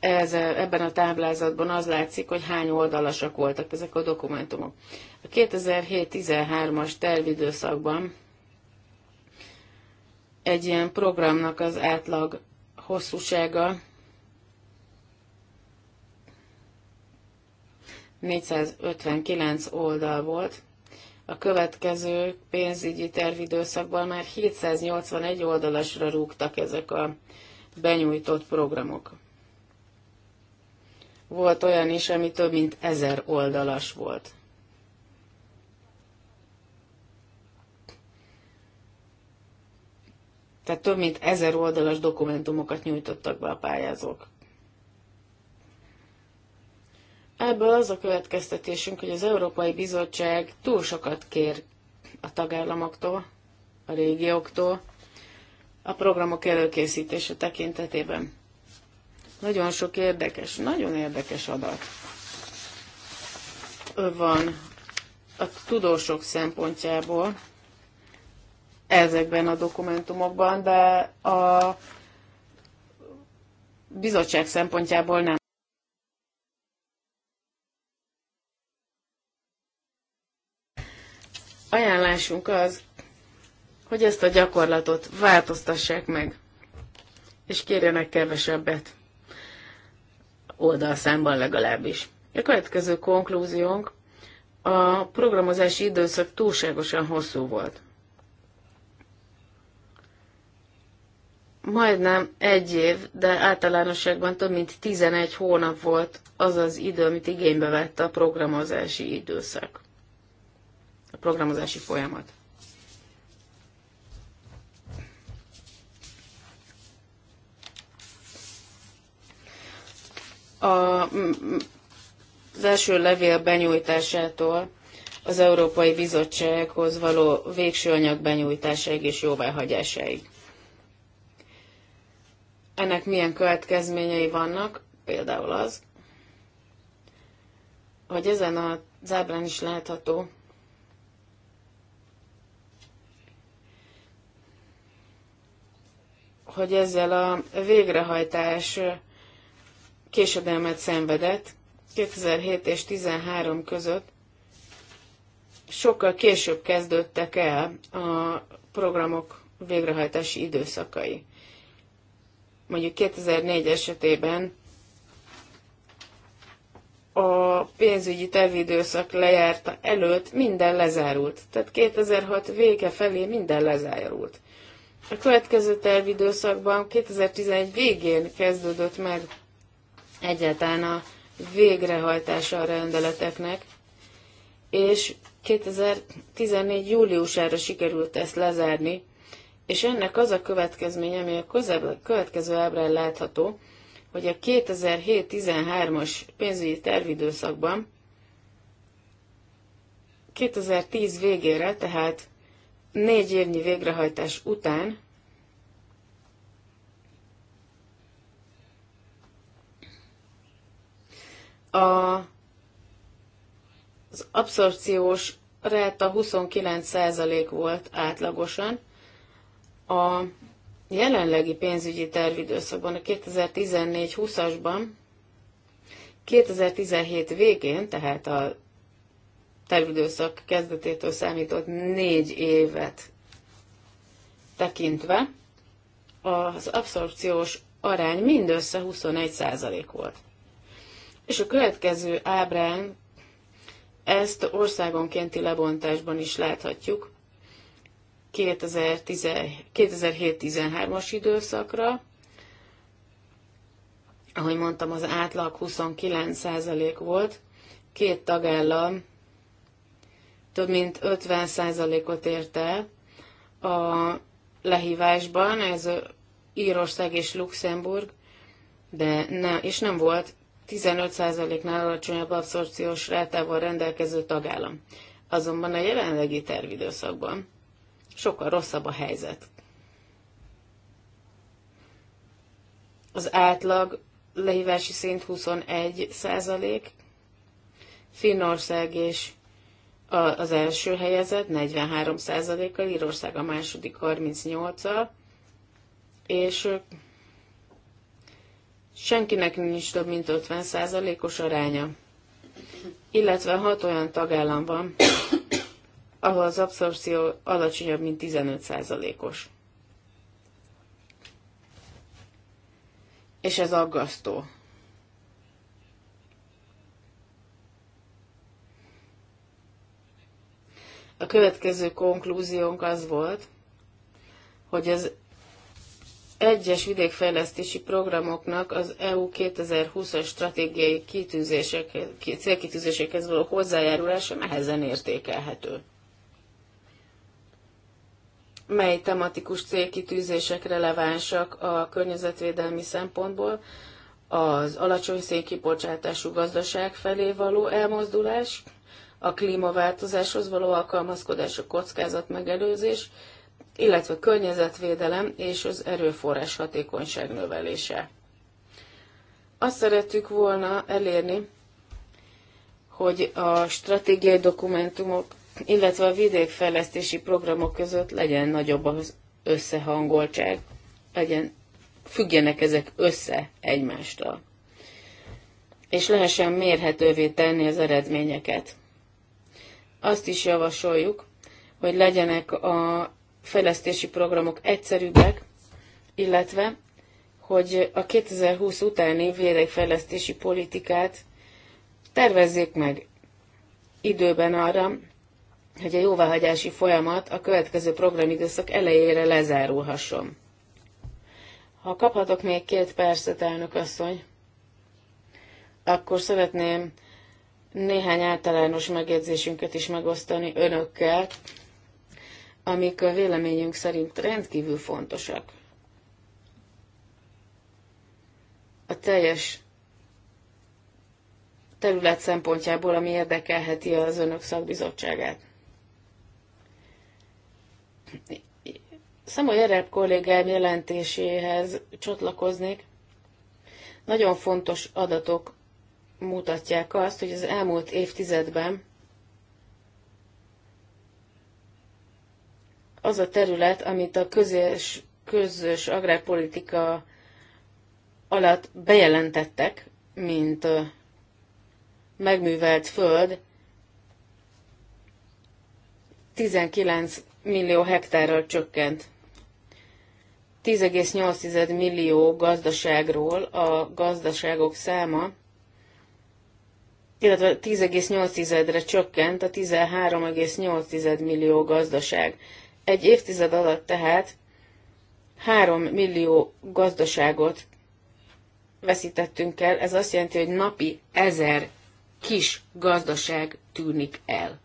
Ez, ebben a táblázatban az látszik, hogy hány oldalasak voltak ezek a dokumentumok. A 2007-13-as tervidőszakban egy ilyen programnak az átlag hosszúsága 459 oldal volt, a következő pénzügyi tervidőszakban már 781 oldalasra rúgtak ezek a benyújtott programok. Volt olyan is, ami több mint 1000 oldalas volt. Tehát több mint ezer oldalas dokumentumokat nyújtottak be a pályázók. Ebből az a következtetésünk, hogy az Európai Bizottság túl sokat kér a tagállamoktól, a régióktól, a programok előkészítése tekintetében. Nagyon sok érdekes, nagyon érdekes adat van a tudósok szempontjából, ezekben a dokumentumokban, de a bizottság szempontjából nem. Ajánlásunk az, hogy ezt a gyakorlatot változtassák meg, és kérjenek kevesebbet oldalszámban legalábbis. A következő konklúziónk, a programozási időszak túlságosan hosszú volt. majdnem egy év, de általánosságban több mint 11 hónap volt az az idő, amit igénybe vette a programozási időszak, a programozási folyamat. A, az első levél benyújtásától az Európai Bizottsághoz való végső anyag benyújtásáig és jóváhagyásáig ennek milyen következményei vannak, például az, hogy ezen a zábrán is látható, hogy ezzel a végrehajtás késedelmet szenvedett 2007 és 2013 között sokkal később kezdődtek el a programok végrehajtási időszakai mondjuk 2004 esetében a pénzügyi tervidőszak lejárta előtt minden lezárult. Tehát 2006 vége felé minden lezárult. A következő tervidőszakban 2011 végén kezdődött meg egyáltalán a végrehajtása a rendeleteknek, és 2014 júliusára sikerült ezt lezárni, és ennek az a következménye, ami a következő ábrán látható, hogy a 2007-13-as pénzügyi tervidőszakban 2010 végére, tehát négy évnyi végrehajtás után a, az abszorpciós ráta 29% volt átlagosan, a jelenlegi pénzügyi tervidőszakban, a 2014-20-asban, 2017 végén, tehát a tervidőszak kezdetétől számított négy évet tekintve, az abszorpciós arány mindössze 21% volt. És a következő ábrán ezt országonkénti lebontásban is láthatjuk, 2007-13-as időszakra. Ahogy mondtam, az átlag 29% volt. Két tagállam több mint 50%-ot ért el a lehívásban, ez Írország és Luxemburg, de ne, és nem volt 15%-nál alacsonyabb abszorciós rátával rendelkező tagállam. Azonban a jelenlegi tervidőszakban sokkal rosszabb a helyzet. Az átlag lehívási szint 21 százalék, Finnország és az első helyezett 43 százalékkal, Írország a második 38-al, és senkinek nincs több mint 50 százalékos aránya. Illetve hat olyan tagállam van, ahol az abszorpció alacsonyabb, mint 15%-os. És ez aggasztó. A következő konklúziónk az volt, hogy az egyes vidékfejlesztési programoknak az EU 2020-as stratégiai célkitűzésekhez való hozzájárulása nehezen értékelhető mely tematikus célkitűzések relevánsak a környezetvédelmi szempontból, az alacsony szénkibocsátású gazdaság felé való elmozdulás, a klímaváltozáshoz való alkalmazkodás, a kockázat megelőzés, illetve a környezetvédelem és az erőforrás hatékonyság növelése. Azt szerettük volna elérni, hogy a stratégiai dokumentumok illetve a vidékfejlesztési programok között legyen nagyobb az összehangoltság, legyen, függjenek ezek össze egymástól. És lehessen mérhetővé tenni az eredményeket. Azt is javasoljuk, hogy legyenek a fejlesztési programok egyszerűbbek, illetve hogy a 2020 utáni vidékfejlesztési politikát tervezzék meg időben arra, hogy a jóváhagyási folyamat a következő programidőszak elejére lezárulhasson. Ha kaphatok még két percet, elnök asszony, akkor szeretném néhány általános megjegyzésünket is megosztani önökkel, amik a véleményünk szerint rendkívül fontosak. A teljes terület szempontjából, ami érdekelheti az önök szakbizottságát. Szamoly Erep kollégám jelentéséhez csatlakoznék. Nagyon fontos adatok mutatják azt, hogy az elmúlt évtizedben az a terület, amit a közös, közös agrárpolitika alatt bejelentettek, mint megművelt föld, 19 millió hektárral csökkent. 10,8 millió gazdaságról a gazdaságok száma, illetve 10,8-re csökkent a 13,8 millió gazdaság. Egy évtized alatt tehát 3 millió gazdaságot veszítettünk el, ez azt jelenti, hogy napi ezer kis gazdaság tűnik el.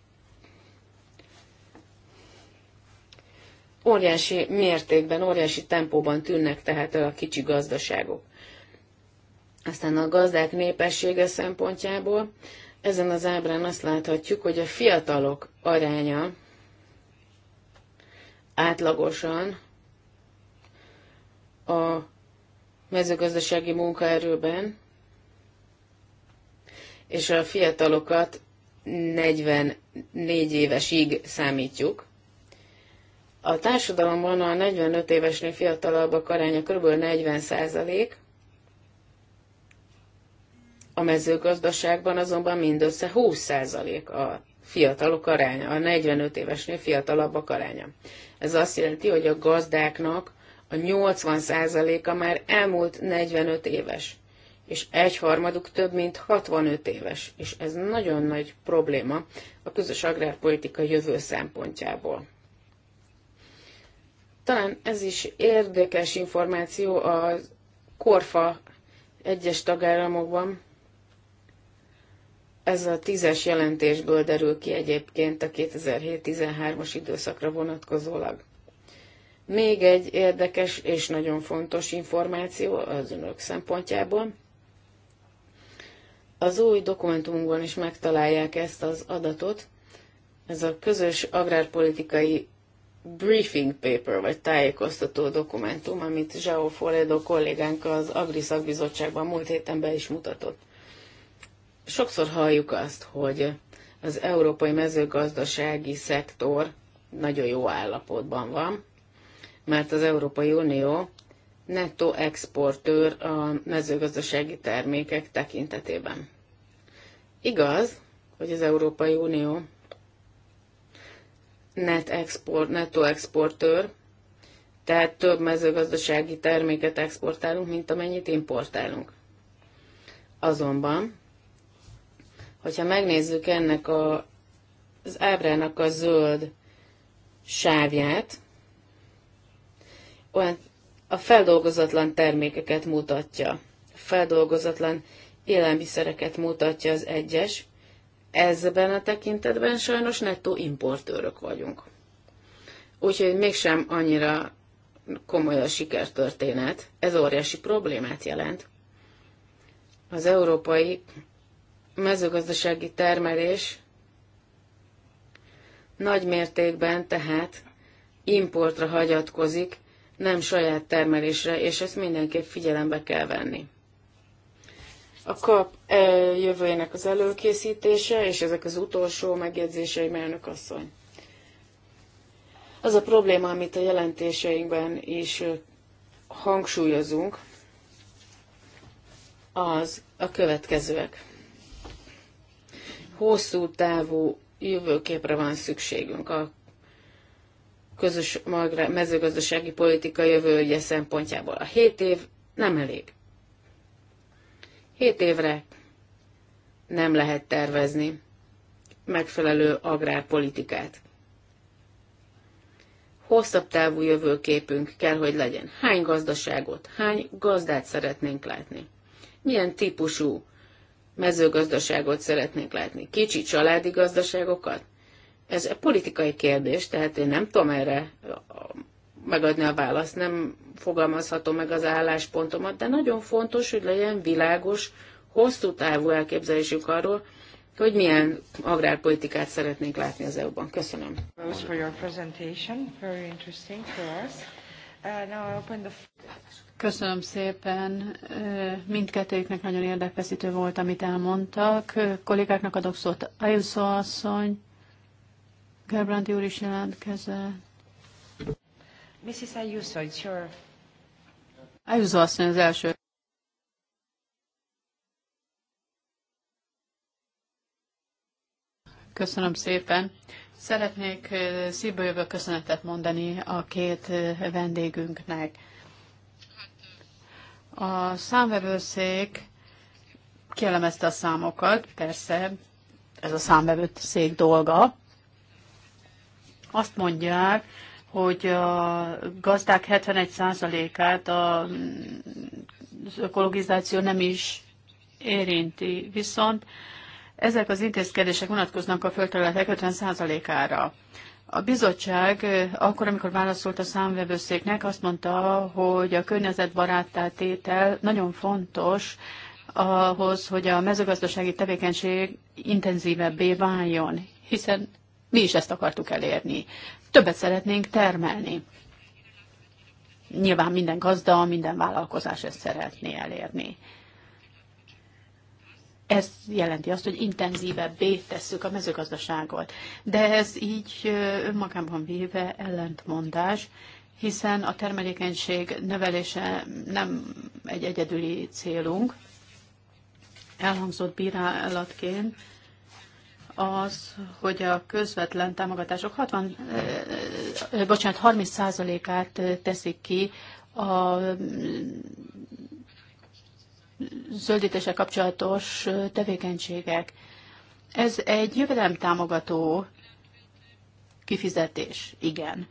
Óriási mértékben, óriási tempóban tűnnek tehát el a kicsi gazdaságok. Aztán a gazdák népessége szempontjából ezen az ábrán azt láthatjuk, hogy a fiatalok aránya átlagosan a mezőgazdasági munkaerőben, és a fiatalokat 44 évesig számítjuk. A társadalomban a 45 évesnél fiatalabbak aránya kb. 40 százalék, a mezőgazdaságban azonban mindössze 20 százalék a fiatalok aránya, a 45 évesnél fiatalabbak aránya. Ez azt jelenti, hogy a gazdáknak a 80%-a már elmúlt 45 éves, és egy harmaduk több mint 65 éves, és ez nagyon nagy probléma a közös agrárpolitika jövő szempontjából. Talán ez is érdekes információ a korfa egyes tagállamokban. Ez a tízes jelentésből derül ki egyébként a 2007-13-as időszakra vonatkozólag. Még egy érdekes és nagyon fontos információ az önök szempontjából. Az új dokumentumunkban is megtalálják ezt az adatot. Ez a közös agrárpolitikai briefing paper, vagy tájékoztató dokumentum, amit Zsáó Foledo kollégánk az Agri szakbizottságban múlt héten be is mutatott. Sokszor halljuk azt, hogy az európai mezőgazdasági szektor nagyon jó állapotban van, mert az Európai Unió nettó exportőr a mezőgazdasági termékek tekintetében. Igaz, hogy az Európai Unió net export, netto exportőr, tehát több mezőgazdasági terméket exportálunk, mint amennyit importálunk. Azonban, hogyha megnézzük ennek a, az ábrának a zöld sávját, olyan a feldolgozatlan termékeket mutatja. A feldolgozatlan élelmiszereket mutatja az egyes, Ezben a tekintetben sajnos nettó importőrök vagyunk. Úgyhogy mégsem annyira komoly a sikertörténet. Ez óriási problémát jelent. Az európai mezőgazdasági termelés nagy mértékben tehát importra hagyatkozik, nem saját termelésre, és ezt mindenképp figyelembe kell venni a kap e, jövőjének az előkészítése, és ezek az utolsó megjegyzései, elnök asszony. Az a probléma, amit a jelentéseinkben is hangsúlyozunk, az a következőek. Hosszú távú jövőképre van szükségünk a közös mezőgazdasági politika jövője szempontjából. A 7 év nem elég. Hét évre nem lehet tervezni megfelelő agrárpolitikát. Hosszabb távú jövőképünk kell, hogy legyen. Hány gazdaságot, hány gazdát szeretnénk látni? Milyen típusú mezőgazdaságot szeretnénk látni? Kicsi családi gazdaságokat? Ez egy politikai kérdés, tehát én nem tudom erre megadni a választ. Nem fogalmazhatom meg az álláspontomat, de nagyon fontos, hogy legyen világos, hosszú távú elképzelésük arról, hogy milyen agrárpolitikát szeretnénk látni az EU-ban. Köszönöm. Uh, Köszönöm szépen. Uh, mindkettőjüknek nagyon érdekfeszítő volt, amit elmondtak. Uh, kollégáknak adok szót. Ajuszó asszony, Gerbrandi úr is jelentkezett. Mrs. Ayuso, it's your... Ayuso asszony az első. Köszönöm szépen. Szeretnék szívből jövő köszönetet mondani a két vendégünknek. A számvevőszék kielemezte a számokat, persze ez a számvevőszék dolga. Azt mondják, hogy a gazdák 71%-át az ökologizáció nem is érinti, viszont ezek az intézkedések vonatkoznak a földterületek 50%-ára. A bizottság eh, akkor, amikor válaszolt a számvevőszéknek, azt mondta, hogy a környezetbaráttá tétel nagyon fontos ahhoz, hogy a mezőgazdasági tevékenység intenzívebbé váljon, hiszen mi is ezt akartuk elérni. Többet szeretnénk termelni. Nyilván minden gazda, minden vállalkozás ezt szeretné elérni. Ez jelenti azt, hogy intenzívebbé tesszük a mezőgazdaságot. De ez így önmagában véve ellentmondás, hiszen a termelékenység növelése nem egy egyedüli célunk. Elhangzott bírálatként az, hogy a közvetlen támogatások 60, bocsánat, 30%-át teszik ki a zöldítéssel kapcsolatos tevékenységek. Ez egy jövedelemtámogató kifizetés, igen.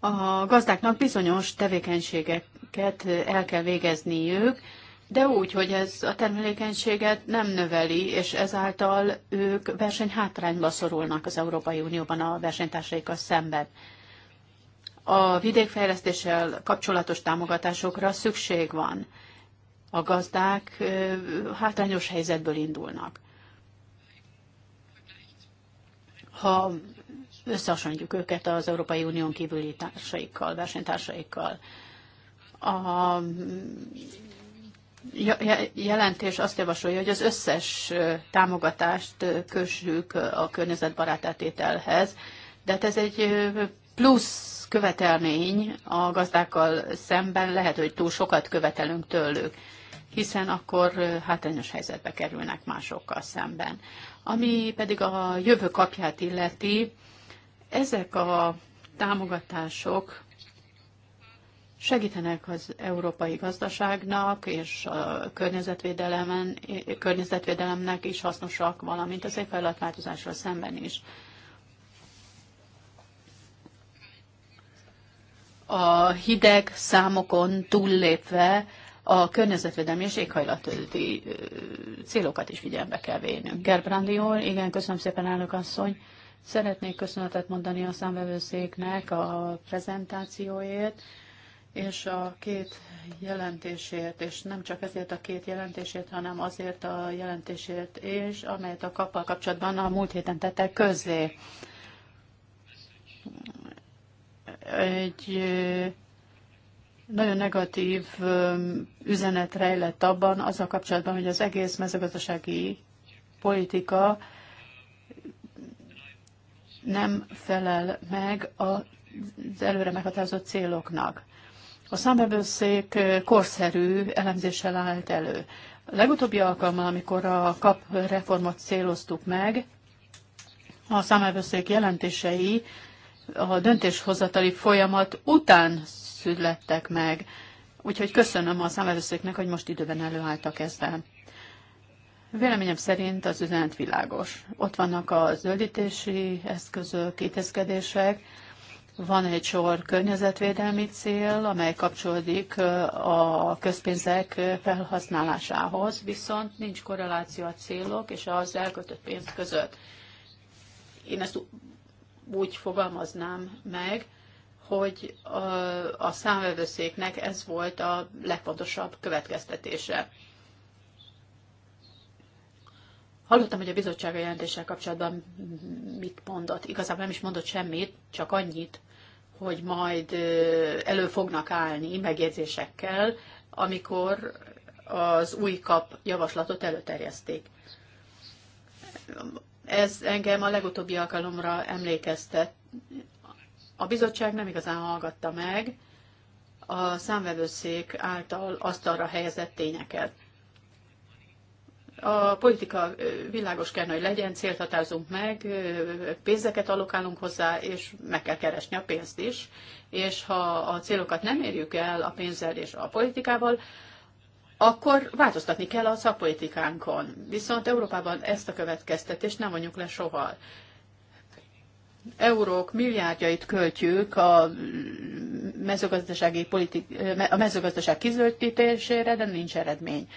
A gazdáknak bizonyos tevékenységeket el kell végezniük, de úgy, hogy ez a termelékenységet nem növeli, és ezáltal ők versenyhátrányba szorulnak az Európai Unióban a versenytársaikkal szemben. A vidékfejlesztéssel kapcsolatos támogatásokra szükség van. A gazdák hátrányos helyzetből indulnak. Ha összehasonlítjuk őket az Európai Unión kívüli társaikkal, versenytársaikkal, a jelentés azt javasolja, hogy az összes támogatást kössük a környezetbarát átételhez, de hát ez egy plusz követelmény a gazdákkal szemben, lehet, hogy túl sokat követelünk tőlük, hiszen akkor hátrányos helyzetbe kerülnek másokkal szemben. Ami pedig a jövő kapját illeti, ezek a támogatások segítenek az európai gazdaságnak és a környezetvédelemen, környezetvédelemnek is hasznosak, valamint az éghajlatváltozással szemben is. A hideg számokon túllépve a környezetvédelmi és éghajlatölti célokat is figyelembe kell vénünk. Gerbrandi úr, igen, köszönöm szépen, elnök asszony. Szeretnék köszönetet mondani a számvevőszéknek a prezentációért és a két jelentésért, és nem csak ezért a két jelentésért, hanem azért a jelentésért és amelyet a kappal kapcsolatban a múlt héten tettek közzé. Egy nagyon negatív üzenet rejlett abban, az a kapcsolatban, hogy az egész mezőgazdasági politika nem felel meg az előre meghatározott céloknak. A számbevőszék korszerű elemzéssel állt elő. A legutóbbi alkalommal, amikor a kap reformot céloztuk meg, a számbevőszék jelentései a döntéshozatali folyamat után születtek meg. Úgyhogy köszönöm a számbevőszéknek, hogy most időben előálltak ezzel. Véleményem szerint az üzenet világos. Ott vannak a zöldítési eszközök, kétezkedések, van egy sor környezetvédelmi cél, amely kapcsolódik a közpénzek felhasználásához, viszont nincs korreláció a célok és az elkötött pénz között. Én ezt úgy fogalmaznám meg, hogy a számvevőszéknek ez volt a legfontosabb következtetése. Hallottam, hogy a bizottság jelentéssel kapcsolatban mit mondott. Igazából nem is mondott semmit, csak annyit, hogy majd elő fognak állni megjegyzésekkel, amikor az új kap javaslatot előterjeszték. Ez engem a legutóbbi alkalomra emlékeztet. A bizottság nem igazán hallgatta meg a számvevőszék által asztalra helyezett tényeket. A politika világos kell, hogy legyen, célt határozunk meg, pénzeket alokálunk hozzá, és meg kell keresni a pénzt is. És ha a célokat nem érjük el a pénzzel és a politikával, akkor változtatni kell a szakpolitikánkon. Viszont Európában ezt a következtetést nem vonjuk le soha. Eurók milliárdjait költjük a mezőgazdasági politik, a mezőgazdaság kizöltítésére, de nincs eredmény.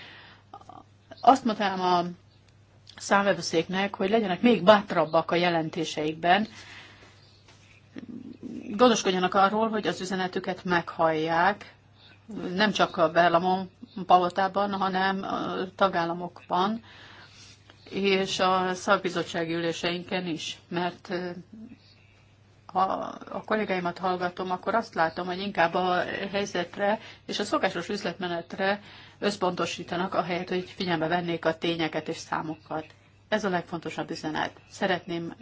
Azt mondtam a számvevőszéknek, hogy legyenek még bátrabbak a jelentéseikben, gondoskodjanak arról, hogy az üzenetüket meghallják, nem csak a Berlamon palotában, hanem a tagállamokban, és a szakbizottsági üléseinken is, mert ha a kollégáimat hallgatom, akkor azt látom, hogy inkább a helyzetre és a szokásos üzletmenetre összpontosítanak, ahelyett, hogy figyelme vennék a tényeket és számokat. Ez a legfontosabb üzenet. Szeretném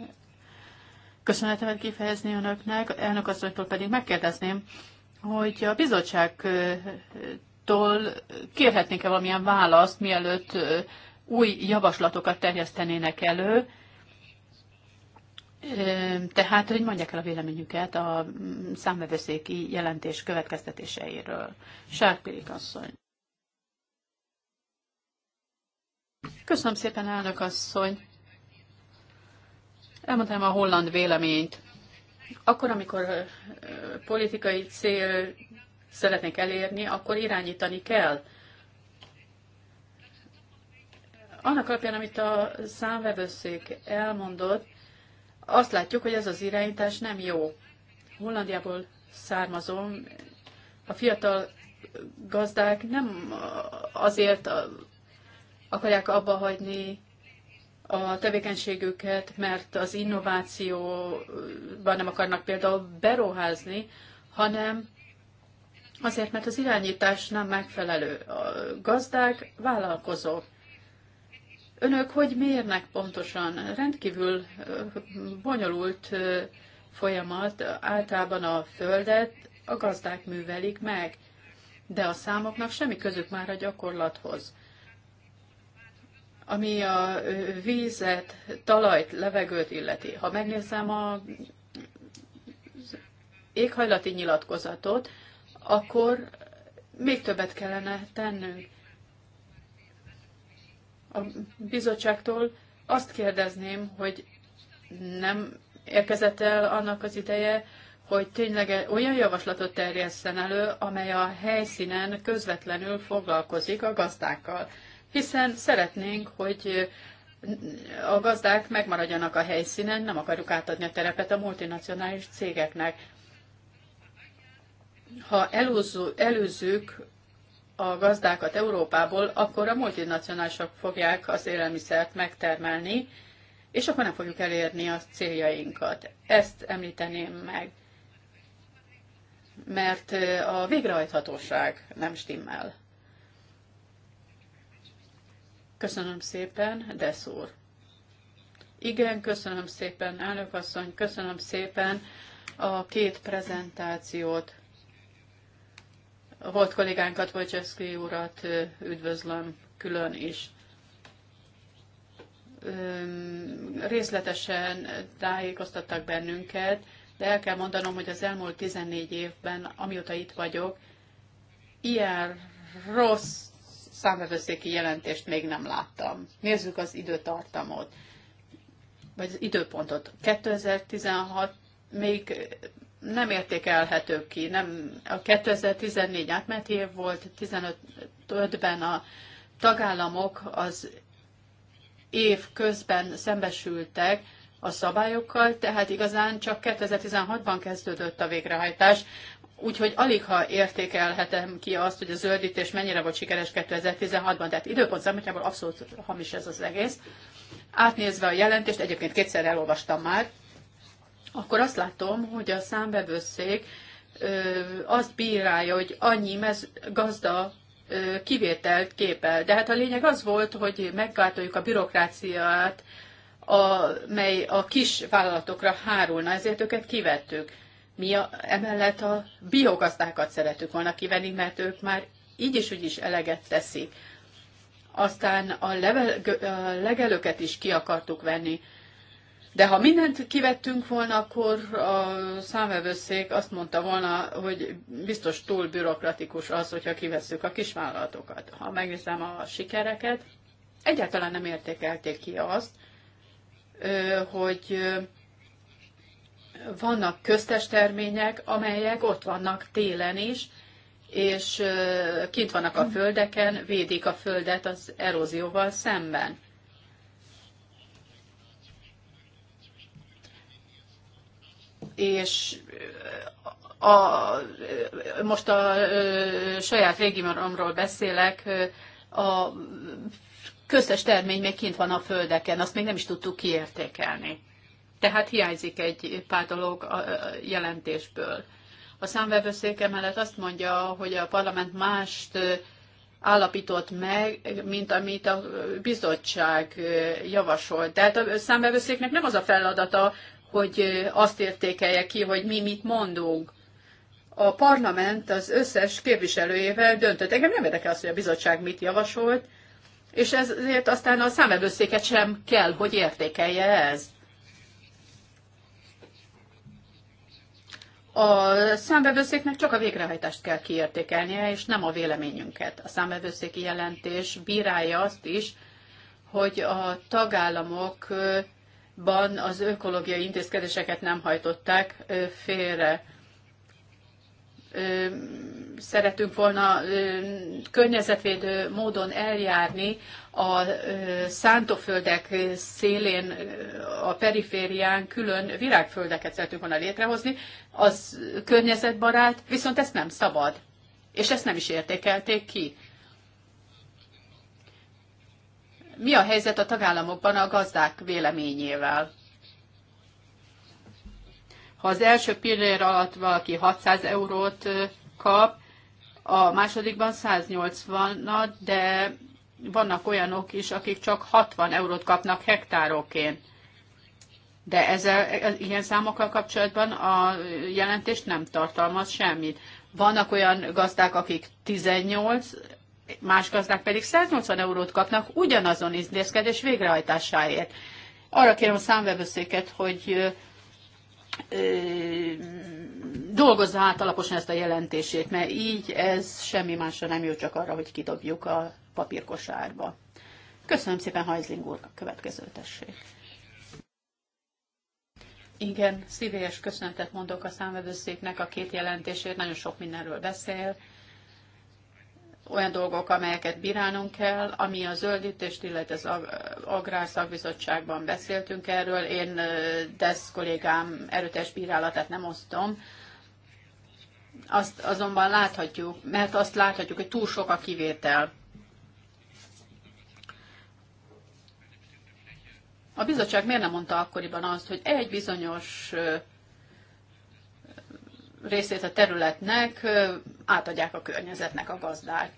köszönetemet kifejezni önöknek, elnök asszonytól pedig megkérdezném, hogy a bizottságtól kérhetnénk-e valamilyen választ, mielőtt új javaslatokat terjesztenének elő, tehát, hogy mondják el a véleményüket a mm, számvevőszéki jelentés következtetéseiről. Sárpirik asszony. Köszönöm szépen, elnök asszony. Elmondtam a holland véleményt. Akkor, amikor politikai cél szeretnék elérni, akkor irányítani kell. Annak alapján, amit a számvevőszék elmondott, azt látjuk, hogy ez az irányítás nem jó. Hollandiából származom, a fiatal gazdák nem azért akarják abba hagyni a tevékenységüket, mert az innovációban nem akarnak például beruházni, hanem azért, mert az irányítás nem megfelelő. A gazdák, vállalkozók. Önök hogy mérnek pontosan? Rendkívül bonyolult folyamat. Általában a földet a gazdák művelik meg, de a számoknak semmi közük már a gyakorlathoz ami a vízet, talajt, levegőt illeti. Ha megnézem a éghajlati nyilatkozatot, akkor még többet kellene tennünk. A bizottságtól azt kérdezném, hogy nem érkezett el annak az ideje, hogy tényleg e- olyan javaslatot terjesszen elő, amely a helyszínen közvetlenül foglalkozik a gazdákkal hiszen szeretnénk, hogy a gazdák megmaradjanak a helyszínen, nem akarjuk átadni a terepet a multinacionális cégeknek. Ha előzzük a gazdákat Európából, akkor a multinacionálisok fogják az élelmiszert megtermelni, és akkor nem fogjuk elérni a céljainkat. Ezt említeném meg. Mert a végrehajthatóság nem stimmel. Köszönöm szépen, Deszúr. Igen, köszönöm szépen, elnök asszony, köszönöm szépen a két prezentációt. volt kollégánkat, Vojcseszki urat üdvözlöm külön is. Részletesen tájékoztattak bennünket, de el kell mondanom, hogy az elmúlt 14 évben, amióta itt vagyok, ilyen rossz számvevőszéki jelentést még nem láttam. Nézzük az időtartamot, vagy az időpontot. 2016 még nem értékelhető ki. Nem, a 2014 átmeneti év volt, 15-ben a tagállamok az év közben szembesültek a szabályokkal, tehát igazán csak 2016-ban kezdődött a végrehajtás. Úgyhogy alig ha értékelhetem ki azt, hogy a zöldítés mennyire volt sikeres 2016-ban, tehát időpont szempontjából abszolút hamis ez az egész. Átnézve a jelentést, egyébként kétszer elolvastam már, akkor azt látom, hogy a számbevőszék azt bírálja, hogy annyi mez, gazda kivételt képel. De hát a lényeg az volt, hogy megváltoljuk a bürokráciát, amely a kis vállalatokra hárulna, ezért őket kivettük. Mi a, emellett a biogazdákat szeretük volna kivenni, mert ők már így is úgy is eleget teszik. Aztán a, level, a legelőket is ki akartuk venni. De ha mindent kivettünk volna, akkor a számvevőszék azt mondta volna, hogy biztos túl bürokratikus az, hogyha kivesszük a kisvállalatokat. Ha megnézem a sikereket, egyáltalán nem értékelték ki azt, hogy vannak köztes termények, amelyek ott vannak télen is, és kint vannak a földeken, védik a földet az erózióval szemben. És a, most a saját régiomról beszélek, a köztes termény még kint van a földeken, azt még nem is tudtuk kiértékelni tehát hiányzik egy pár dolog a jelentésből. A számvevőszék emellett azt mondja, hogy a parlament mást állapított meg, mint amit a bizottság javasolt. Tehát a számvevőszéknek nem az a feladata, hogy azt értékelje ki, hogy mi mit mondunk. A parlament az összes képviselőjével döntött. Engem nem érdekel az, hogy a bizottság mit javasolt, és ezért aztán a számvevőszéket sem kell, hogy értékelje ezt. A számvevőszéknek csak a végrehajtást kell kiértékelnie, és nem a véleményünket. A számvevőszéki jelentés bírálja azt is, hogy a tagállamokban az ökológiai intézkedéseket nem hajtották félre szeretünk volna környezetvédő módon eljárni a szántóföldek szélén, a periférián külön virágföldeket szeretünk volna létrehozni, az környezetbarát, viszont ezt nem szabad. És ezt nem is értékelték ki. Mi a helyzet a tagállamokban a gazdák véleményével? Ha az első pillér alatt valaki 600 eurót kap, a másodikban 180 de vannak olyanok is, akik csak 60 eurót kapnak hektároként. De ezzel, e, ilyen számokkal kapcsolatban a jelentés nem tartalmaz semmit. Vannak olyan gazdák, akik 18, más gazdák pedig 180 eurót kapnak ugyanazon intézkedés végrehajtásáért. Arra kérem a számvevőszéket, hogy dolgozza át alaposan ezt a jelentését, mert így ez semmi másra nem jó, csak arra, hogy kidobjuk a papírkosárba. Köszönöm szépen, Hajzling úr, a következő tessék. Igen, szívélyes köszönetet mondok a számvevőszéknek a két jelentésért, nagyon sok mindenről beszél. Olyan dolgok, amelyeket bírálnunk kell, ami a zöldítést, illetve az agrárszakbizottságban beszéltünk erről. Én DESZ kollégám erőtes bírálatát nem osztom, azt azonban láthatjuk, mert azt láthatjuk, hogy túl sok a kivétel. A bizottság miért nem mondta akkoriban azt, hogy egy bizonyos részét a területnek átadják a környezetnek a gazdák.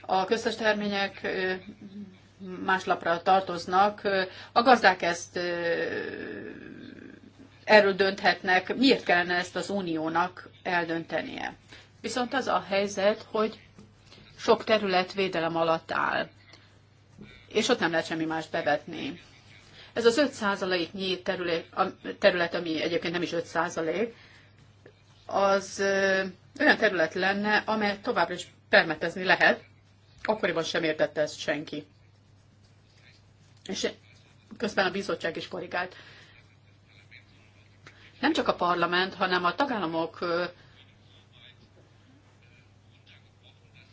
A köztes termények más lapra tartoznak. A gazdák ezt erről dönthetnek, miért kellene ezt az uniónak eldöntenie. Viszont az a helyzet, hogy sok terület védelem alatt áll, és ott nem lehet semmi más bevetni. Ez az 5 százaléknyi terület, terület, ami egyébként nem is 5 százalék, az olyan terület lenne, amely továbbra is permetezni lehet, akkoriban sem értette ezt senki. És közben a bizottság is korrigált nem csak a parlament, hanem a tagállamok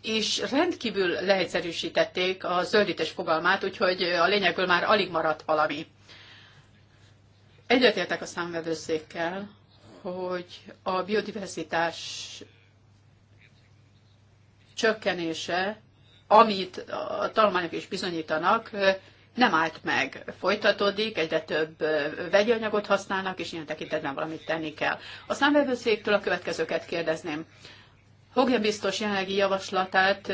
és rendkívül leegyszerűsítették a zöldítés fogalmát, úgyhogy a lényegből már alig maradt valami. Egyetértek a számvevőszékkel, hogy a biodiverzitás csökkenése, amit a tanulmányok is bizonyítanak, nem állt meg, folytatódik, egyre több vegyi anyagot használnak, és ilyen tekintetben valamit tenni kell. A számvevőszéktől a következőket kérdezném. hogyan biztos jelenlegi javaslatát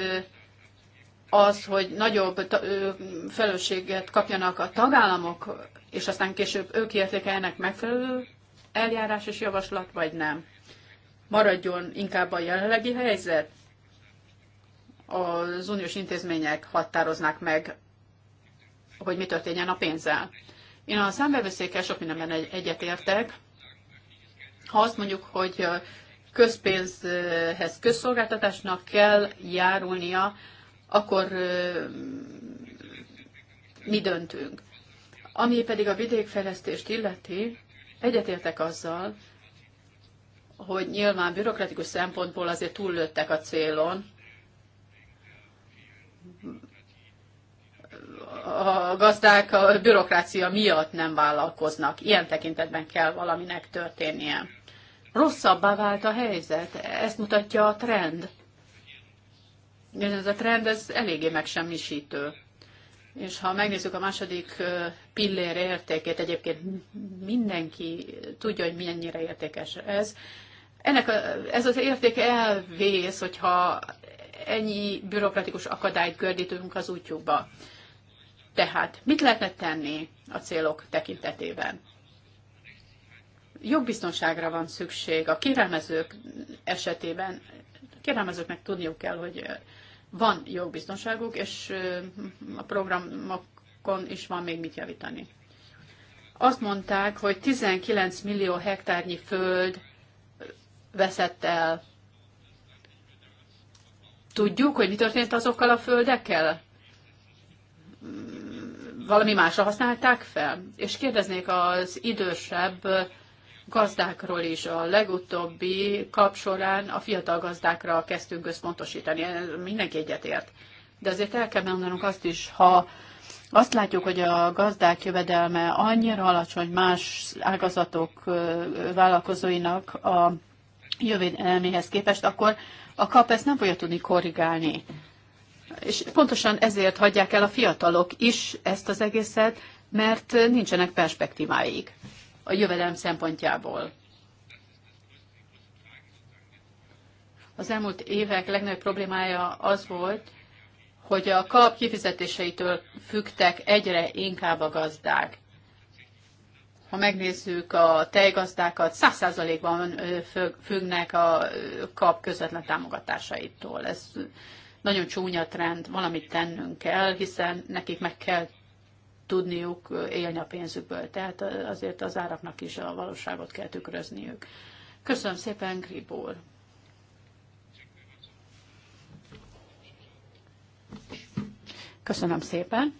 az, hogy nagyobb felelősséget kapjanak a tagállamok, és aztán később ők értékeljenek megfelelő eljárás és javaslat, vagy nem? Maradjon inkább a jelenlegi helyzet? Az uniós intézmények határoznák meg hogy mi történjen a pénzzel. Én a számbevőszékkel sok mindenben egyetértek. Ha azt mondjuk, hogy közpénzhez közszolgáltatásnak kell járulnia, akkor mi döntünk. Ami pedig a vidékfejlesztést illeti, egyetértek azzal, hogy nyilván bürokratikus szempontból azért túllőttek a célon, a gazdák a bürokrácia miatt nem vállalkoznak. Ilyen tekintetben kell valaminek történnie. Rosszabbá vált a helyzet, ezt mutatja a trend. Ez a trend ez eléggé megsemmisítő. És ha megnézzük a második pillér értékét, egyébként mindenki tudja, hogy mennyire értékes ez. Ennek a, ez az érték elvész, hogyha ennyi bürokratikus akadályt gördítünk az útjukba. Tehát mit lehetne tenni a célok tekintetében? Jogbiztonságra van szükség. A kérelmezők esetében a kérelmezőknek tudniuk kell, hogy van jogbiztonságuk, és a programokon is van még mit javítani. Azt mondták, hogy 19 millió hektárnyi föld veszett el. Tudjuk, hogy mi történt azokkal a földekkel? valami másra használták fel. És kérdeznék az idősebb gazdákról is. A legutóbbi kap során a fiatal gazdákra kezdtünk összpontosítani. Mindenki egyetért. De azért el kell mondanunk azt is, ha azt látjuk, hogy a gazdák jövedelme annyira alacsony más ágazatok vállalkozóinak a jövedelméhez képest, akkor a kap ezt nem fogja tudni korrigálni. És pontosan ezért hagyják el a fiatalok is ezt az egészet, mert nincsenek perspektíváik a jövedelem szempontjából. Az elmúlt évek legnagyobb problémája az volt, hogy a kap kifizetéseitől fügtek egyre inkább a gazdák. Ha megnézzük a tejgazdákat, száz százalékban függnek a kap közvetlen támogatásaitól. Ez nagyon csúnya trend, valamit tennünk kell, hiszen nekik meg kell tudniuk élni a pénzükből. Tehát azért az áraknak is a valóságot kell tükrözniük. Köszönöm szépen, Gribor. Köszönöm szépen.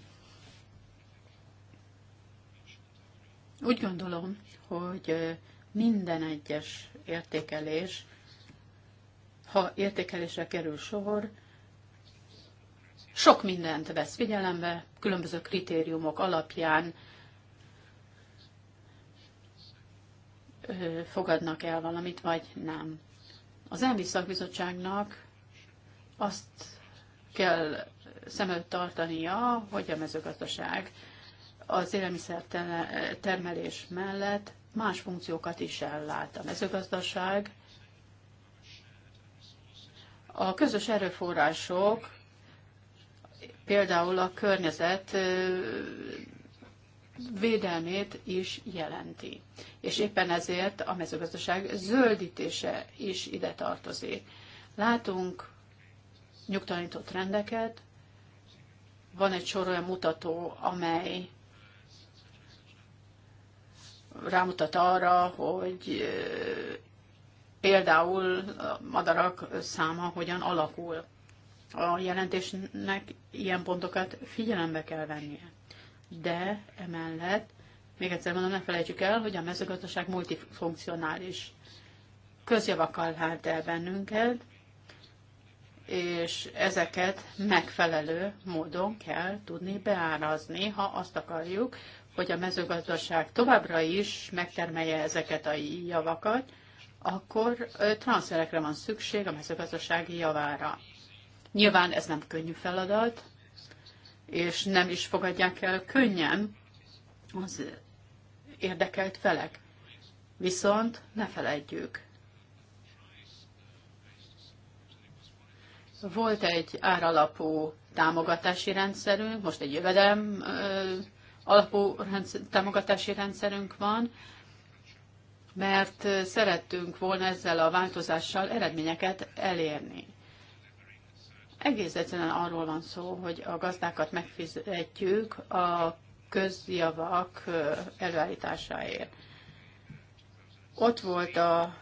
Úgy gondolom, hogy minden egyes értékelés, ha értékelésre kerül sor, sok mindent vesz figyelembe, különböző kritériumok alapján fogadnak el valamit, vagy nem. Az elmi szakbizottságnak azt kell szem előtt tartania, hogy a mezőgazdaság az élelmiszer termelés mellett más funkciókat is ellát. A mezőgazdaság a közös erőforrások például a környezet védelmét is jelenti. És éppen ezért a mezőgazdaság zöldítése is ide tartozik. Látunk nyugtalanító trendeket, van egy sor olyan mutató, amely rámutat arra, hogy például a madarak száma hogyan alakul a jelentésnek ilyen pontokat figyelembe kell vennie. De emellett, még egyszer mondom, ne felejtsük el, hogy a mezőgazdaság multifunkcionális. Közjavakkal lát el bennünket, és ezeket megfelelő módon kell tudni beárazni, ha azt akarjuk, hogy a mezőgazdaság továbbra is megtermelje ezeket a javakat, akkor transferekre van szükség a mezőgazdasági javára. Nyilván ez nem könnyű feladat, és nem is fogadják el könnyen az érdekelt felek. Viszont ne feledjük, volt egy áralapú támogatási rendszerünk, most egy jövedelem alapú rendszer, támogatási rendszerünk van, mert szerettünk volna ezzel a változással eredményeket elérni. Egész egyszerűen arról van szó, hogy a gazdákat megfizetjük a közjavak előállításáért. Ott volt a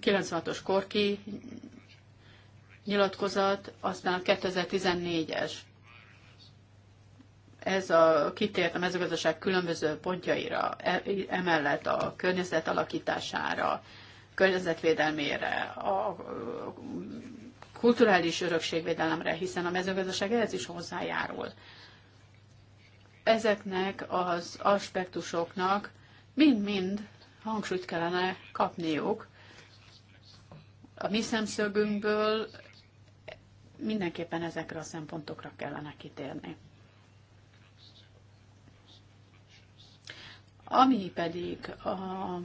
96-os Korki nyilatkozat, aztán a 2014-es. Ez a, kitért a mezőgazdaság különböző pontjaira, e, emellett a környezet alakítására, környezetvédelmére, a kulturális örökségvédelemre, hiszen a mezőgazdaság ehhez is hozzájárul. Ezeknek az aspektusoknak mind-mind hangsúlyt kellene kapniuk. A mi szemszögünkből mindenképpen ezekre a szempontokra kellene kitérni. Ami pedig a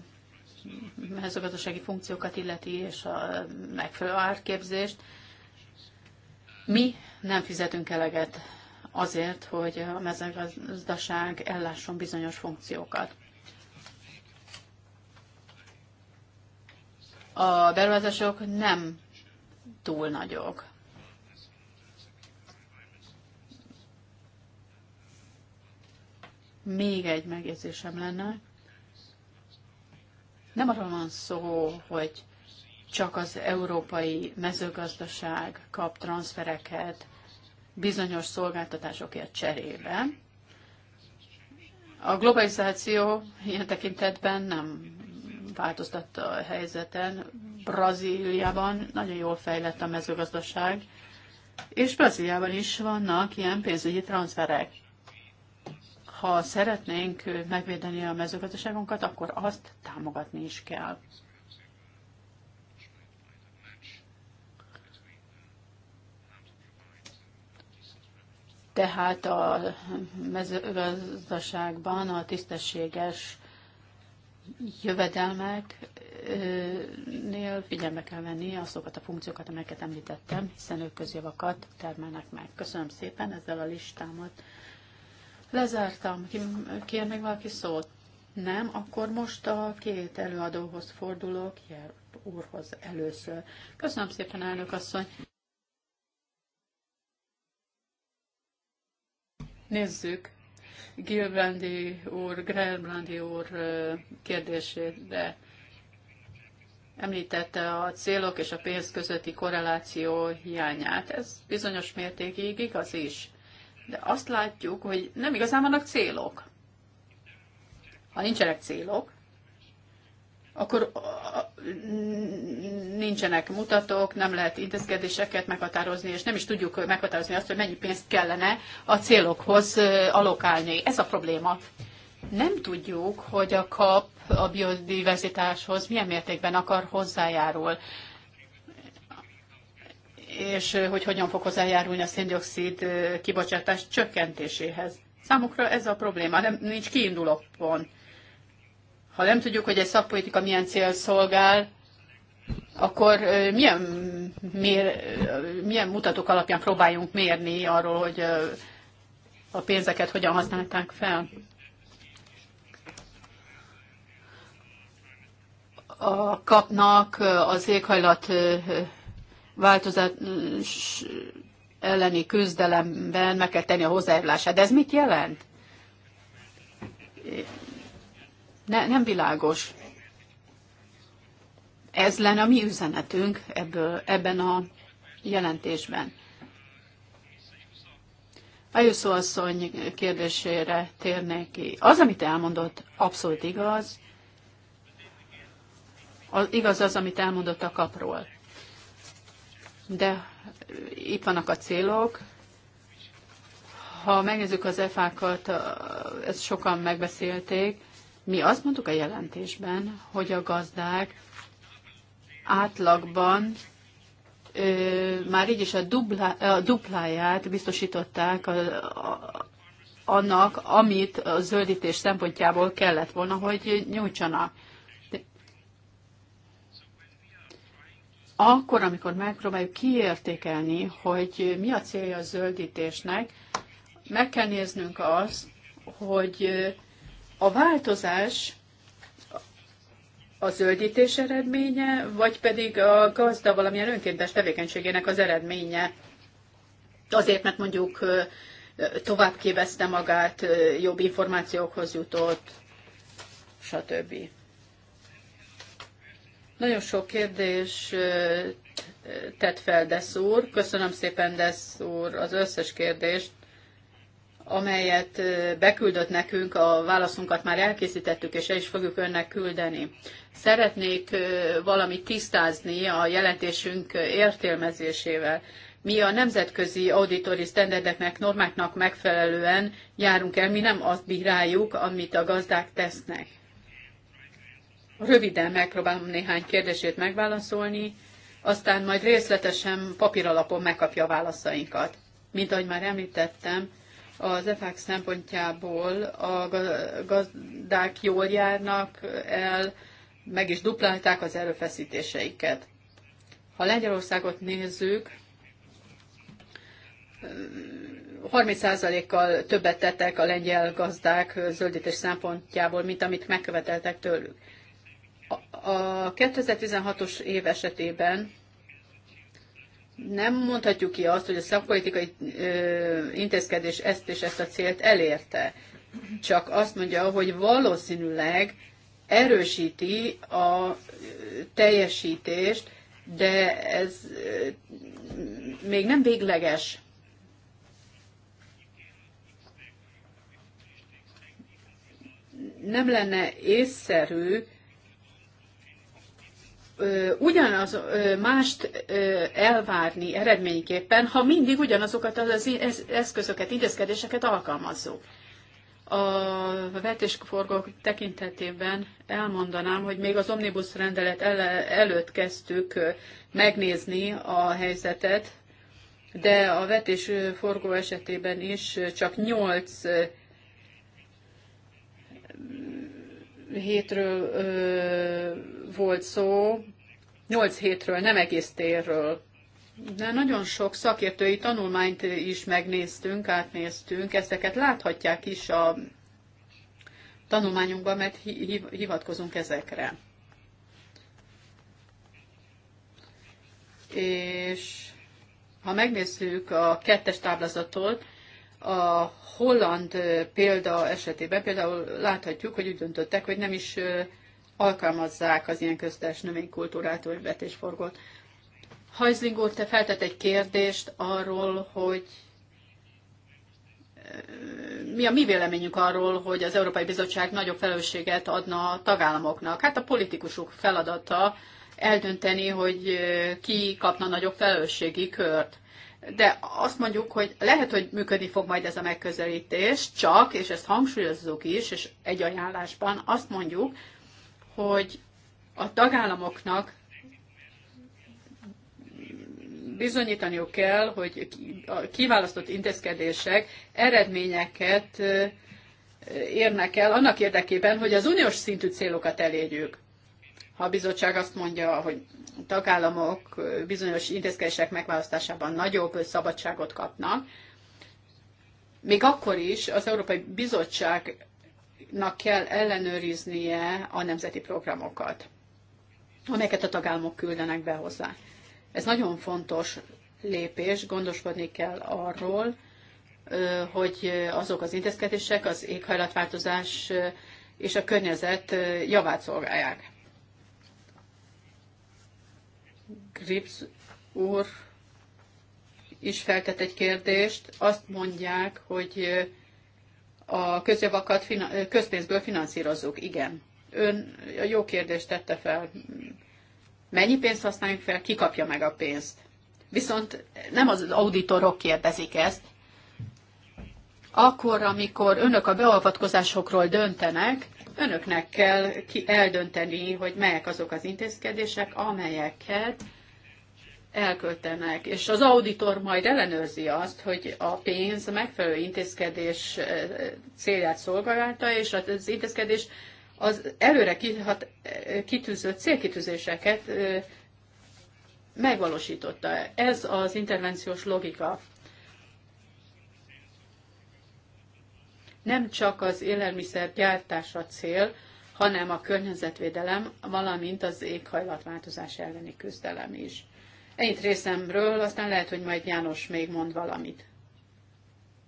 mezőgazdasági funkciókat illeti és a megfelelő árképzést, mi nem fizetünk eleget azért, hogy a mezőgazdaság ellásson bizonyos funkciókat. A beruházások nem túl nagyok. Még egy megjegyzésem lenne. Nem arról van szó, hogy csak az európai mezőgazdaság kap transfereket bizonyos szolgáltatásokért cserébe. A globalizáció ilyen tekintetben nem változtatta a helyzeten. Brazíliában nagyon jól fejlett a mezőgazdaság, és Brazíliában is vannak ilyen pénzügyi transferek. Ha szeretnénk megvédeni a mezőgazdaságunkat, akkor azt támogatni is kell. tehát a mezőgazdaságban a tisztességes jövedelmeknél figyelme kell venni azokat a funkciókat, amelyeket említettem, hiszen ők közjavakat termelnek meg. Köszönöm szépen ezzel a listámat. Lezártam. Kér még valaki szót? Nem, akkor most a két előadóhoz fordulok, Jel úrhoz először. Köszönöm szépen, elnök asszony! Nézzük Gilbrandi úr, Grelbrandi úr kérdésére. Említette a célok és a pénz közötti korreláció hiányát. Ez bizonyos mértékig igaz is. De azt látjuk, hogy nem igazán vannak célok. Ha nincsenek célok, akkor nincsenek mutatók, nem lehet intézkedéseket meghatározni, és nem is tudjuk meghatározni azt, hogy mennyi pénzt kellene a célokhoz alokálni. Ez a probléma. Nem tudjuk, hogy a kap a biodiverzitáshoz milyen mértékben akar hozzájárul, és hogy hogyan fog hozzájárulni a széndiokszid kibocsátás csökkentéséhez. Számukra ez a probléma, nem, nincs kiinduló pont ha nem tudjuk, hogy egy szakpolitika milyen cél szolgál, akkor milyen, mér, milyen mutatók alapján próbáljunk mérni arról, hogy a pénzeket hogyan használták fel? A kapnak az éghajlat változás elleni küzdelemben meg kell tenni a hozzájárulását. De ez mit jelent? ne, nem világos. Ez lenne a mi üzenetünk ebből, ebben a jelentésben. A asszony kérdésére térnék ki. Az, amit elmondott, abszolút igaz. Az, igaz az, amit elmondott a kapról. De itt vannak a célok. Ha megnézzük az efákat, ezt sokan megbeszélték, mi azt mondtuk a jelentésben, hogy a gazdák átlagban ö, már így is a, dublá, a dupláját biztosították a, a, annak, amit a zöldítés szempontjából kellett volna, hogy nyújtsanak. akkor, amikor megpróbáljuk kiértékelni, hogy mi a célja a zöldítésnek, meg kell néznünk azt, hogy a változás a zöldítés eredménye, vagy pedig a gazda valamilyen önkéntes tevékenységének az eredménye. Azért, mert mondjuk tovább képezte magát, jobb információkhoz jutott, stb. Nagyon sok kérdés tett fel Desz úr. Köszönöm szépen Desz úr az összes kérdést amelyet beküldött nekünk, a válaszunkat már elkészítettük, és el is fogjuk önnek küldeni. Szeretnék valamit tisztázni a jelentésünk értelmezésével. Mi a nemzetközi auditori standardeknek, normáknak megfelelően járunk el, mi nem azt bíráljuk, amit a gazdák tesznek. Röviden megpróbálom néhány kérdését megválaszolni, aztán majd részletesen papíralapon megkapja a válaszainkat. Mint ahogy már említettem, az EFAK szempontjából a gazdák jól járnak el, meg is duplálták az erőfeszítéseiket. Ha Lengyelországot nézzük, 30%-kal többet tettek a lengyel gazdák zöldítés szempontjából, mint amit megköveteltek tőlük. A 2016-os év esetében nem mondhatjuk ki azt, hogy a szakpolitikai intézkedés ezt és ezt a célt elérte. Csak azt mondja, hogy valószínűleg erősíti a teljesítést, de ez még nem végleges. Nem lenne észszerű ugyanaz mást elvárni eredményképpen, ha mindig ugyanazokat az eszközöket, intézkedéseket alkalmazzuk. A vetésforgók tekintetében elmondanám, hogy még az omnibus rendelet előtt kezdtük megnézni a helyzetet, de a vetésforgó esetében is csak 8 hétről ö, volt szó, nyolc hétről, nem egész térről. De nagyon sok szakértői tanulmányt is megnéztünk, átnéztünk, ezeket láthatják is a tanulmányunkban, mert hivatkozunk ezekre. És ha megnézzük a kettes táblázatot, a holland példa esetében például láthatjuk, hogy úgy döntöttek, hogy nem is alkalmazzák az ilyen köztes növénykultúrát vagy vetésforgót. Hajzling úr, te feltett egy kérdést arról, hogy mi a mi véleményünk arról, hogy az Európai Bizottság nagyobb felelősséget adna a tagállamoknak? Hát a politikusok feladata eldönteni, hogy ki kapna nagyobb felelősségi kört de azt mondjuk, hogy lehet, hogy működni fog majd ez a megközelítés, csak, és ezt hangsúlyozzuk is, és egy ajánlásban azt mondjuk, hogy a tagállamoknak bizonyítaniuk kell, hogy a kiválasztott intézkedések eredményeket érnek el annak érdekében, hogy az uniós szintű célokat elérjük. Ha a bizottság azt mondja, hogy tagállamok bizonyos intézkedések megválasztásában nagyobb szabadságot kapnak, még akkor is az Európai Bizottságnak kell ellenőriznie a nemzeti programokat, amelyeket a tagállamok küldenek be hozzá. Ez nagyon fontos lépés, gondoskodni kell arról, hogy azok az intézkedések az éghajlatváltozás és a környezet javát szolgálják. Grips úr is feltett egy kérdést. Azt mondják, hogy a közjavakat közpénzből finanszírozzuk. Igen. Ön jó kérdést tette fel. Mennyi pénzt használjuk fel, ki kapja meg a pénzt? Viszont nem az auditorok kérdezik ezt. Akkor, amikor önök a beavatkozásokról döntenek, Önöknek kell ki eldönteni, hogy melyek azok az intézkedések, amelyeket elköltenek, és az auditor majd ellenőrzi azt, hogy a pénz a megfelelő intézkedés eh, célját szolgálta, és az intézkedés az előre kihat, kitűzött célkitűzéseket eh, megvalósította. Ez az intervenciós logika. nem csak az élelmiszer gyártása cél, hanem a környezetvédelem, valamint az éghajlatváltozás elleni küzdelem is. Ennyit részemről, aztán lehet, hogy majd János még mond valamit.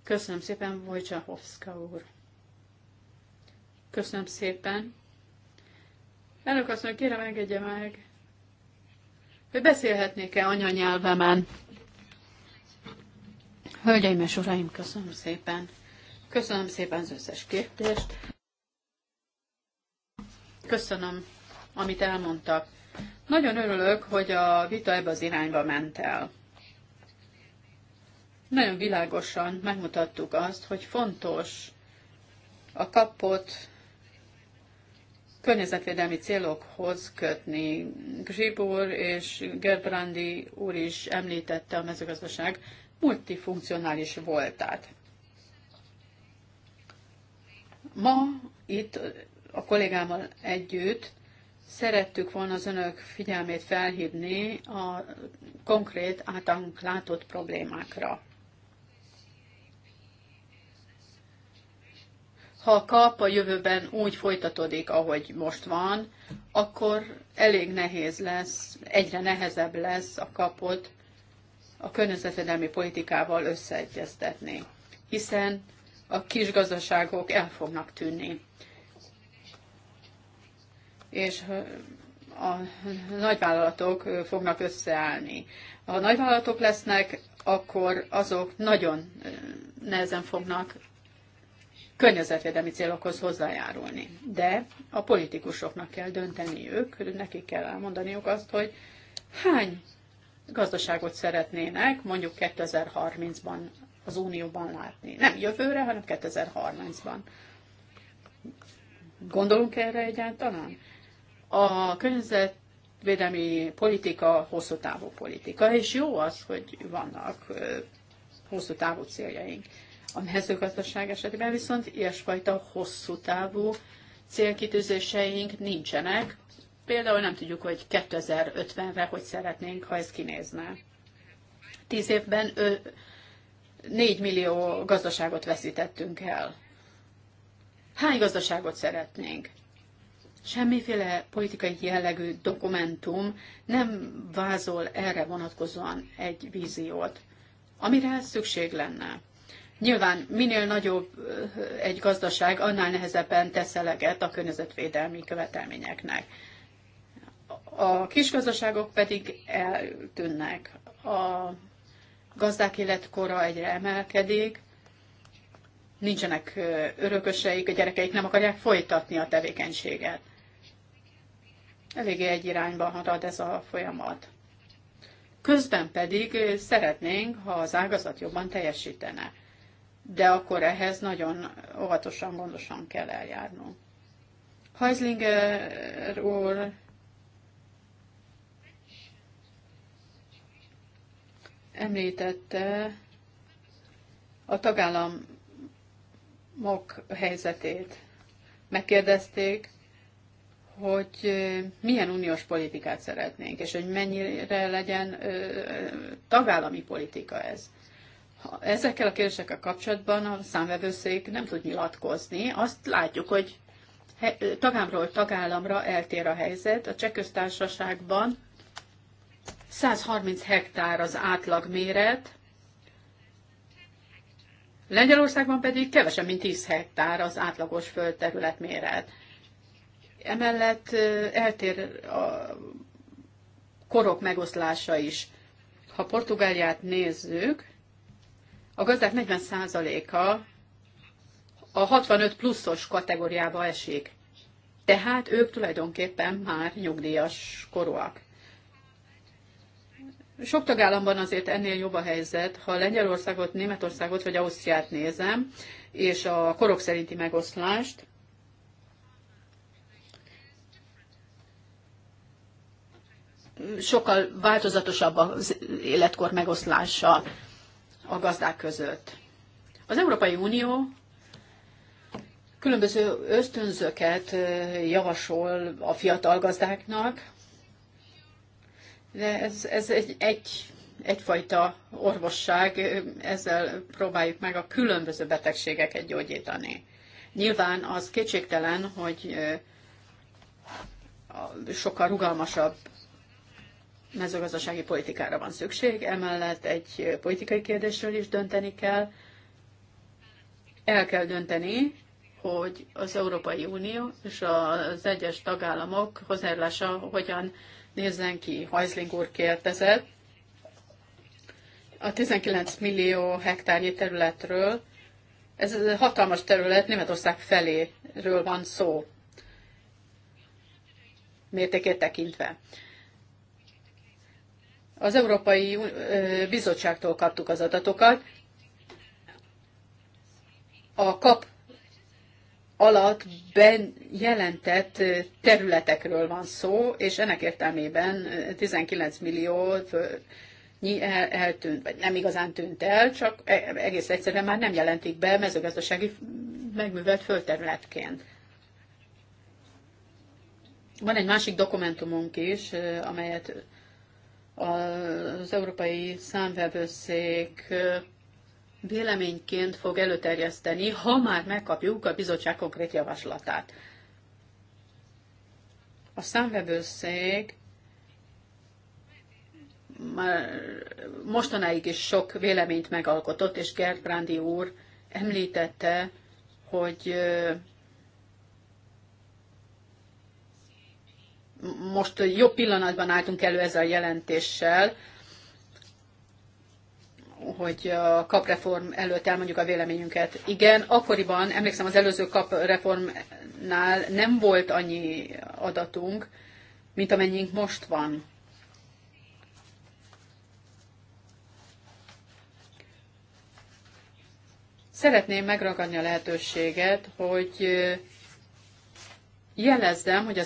Köszönöm szépen, Wojciechowska úr. Köszönöm szépen. Elnök azt mondja, kérem, engedje meg, hogy beszélhetnék-e anyanyelvemen. Hölgyeim és uraim, köszönöm szépen. Köszönöm szépen az összes kérdést. Köszönöm, amit elmondtak. Nagyon örülök, hogy a vita ebbe az irányba ment el. Nagyon világosan megmutattuk azt, hogy fontos a kapott környezetvédelmi célokhoz kötni. Gribor és Gerbrandi úr is említette a mezőgazdaság multifunkcionális voltát. Ma itt a kollégámmal együtt szerettük volna az önök figyelmét felhívni a konkrét általunk látott problémákra. Ha a kap a jövőben úgy folytatódik, ahogy most van, akkor elég nehéz lesz, egyre nehezebb lesz a kapot a környezetvédelmi politikával összeegyeztetni, hiszen a kis gazdaságok el fognak tűnni. És a nagyvállalatok fognak összeállni. Ha a nagyvállalatok lesznek, akkor azok nagyon nehezen fognak környezetvédelmi célokhoz hozzájárulni. De a politikusoknak kell dönteniük, nekik kell elmondaniuk azt, hogy hány gazdaságot szeretnének mondjuk 2030-ban az Unióban látni. Nem jövőre, hanem 2030-ban. Gondolunk erre egyáltalán? A környezetvédelmi politika hosszú távú politika, és jó az, hogy vannak hosszú távú céljaink. A mezőgazdaság esetében viszont ilyesfajta hosszú távú célkitűzéseink nincsenek. Például nem tudjuk, hogy 2050-re hogy szeretnénk, ha ez kinézne. Tíz évben 4 millió gazdaságot veszítettünk el. Hány gazdaságot szeretnénk? Semmiféle politikai jellegű dokumentum nem vázol erre vonatkozóan egy víziót, amire szükség lenne. Nyilván minél nagyobb egy gazdaság, annál nehezebben tesz eleget a környezetvédelmi követelményeknek. A kisgazdaságok pedig eltűnnek. A gazdák életkora egyre emelkedik, nincsenek örököseik, a gyerekeik nem akarják folytatni a tevékenységet. Eléggé egy irányba harad ez a folyamat. Közben pedig szeretnénk, ha az ágazat jobban teljesítene. De akkor ehhez nagyon óvatosan, gondosan kell eljárnunk. Heislinger úr említette a tagállamok helyzetét. Megkérdezték, hogy milyen uniós politikát szeretnénk, és hogy mennyire legyen tagállami politika ez. Ezekkel a kérdésekkel kapcsolatban a számvevőszék nem tud nyilatkozni. Azt látjuk, hogy tagámról tagállamra eltér a helyzet. A cseh köztársaságban 130 hektár az átlag méret, Lengyelországban pedig kevesebb, mint 10 hektár az átlagos földterület méret. Emellett eltér a korok megoszlása is. Ha Portugáliát nézzük, a gazdák 40%-a a 65 pluszos kategóriába esik. Tehát ők tulajdonképpen már nyugdíjas korúak. Sok tagállamban azért ennél jobb a helyzet, ha Lengyelországot, Németországot vagy Ausztriát nézem, és a korok szerinti megoszlást, sokkal változatosabb az életkor megoszlása a gazdák között. Az Európai Unió különböző ösztönzöket javasol a fiatal gazdáknak, de ez, ez egy, egy, egyfajta orvosság, ezzel próbáljuk meg a különböző betegségeket gyógyítani. Nyilván az kétségtelen, hogy sokkal rugalmasabb mezőgazdasági politikára van szükség, emellett egy politikai kérdésről is dönteni kell. El kell dönteni, hogy az Európai Unió és az egyes tagállamok hozzájárulása hogyan nézzen ki. Hajzling úr kérdezett a 19 millió hektárnyi területről, ez hatalmas terület, Németország feléről van szó, mértékét tekintve. Az Európai Bizottságtól kaptuk az adatokat. A kap alatt ben jelentett területekről van szó, és ennek értelmében 19 millió nyi eltűnt, vagy nem igazán tűnt el, csak e, egész egyszerűen már nem jelentik be mezőgazdasági megművelt földterületként. Van egy másik dokumentumunk is, amelyet az Európai Számvevőszék véleményként fog előterjeszteni, ha már megkapjuk a bizottság konkrét javaslatát. A számvevőszék már mostanáig is sok véleményt megalkotott, és Gerd Brandi úr említette, hogy most jobb pillanatban álltunk elő ezzel a jelentéssel, hogy a kapreform előtt elmondjuk a véleményünket. Igen, akkoriban, emlékszem az előző kapreformnál nem volt annyi adatunk, mint amennyink most van. Szeretném megragadni a lehetőséget, hogy jelezzem, hogy az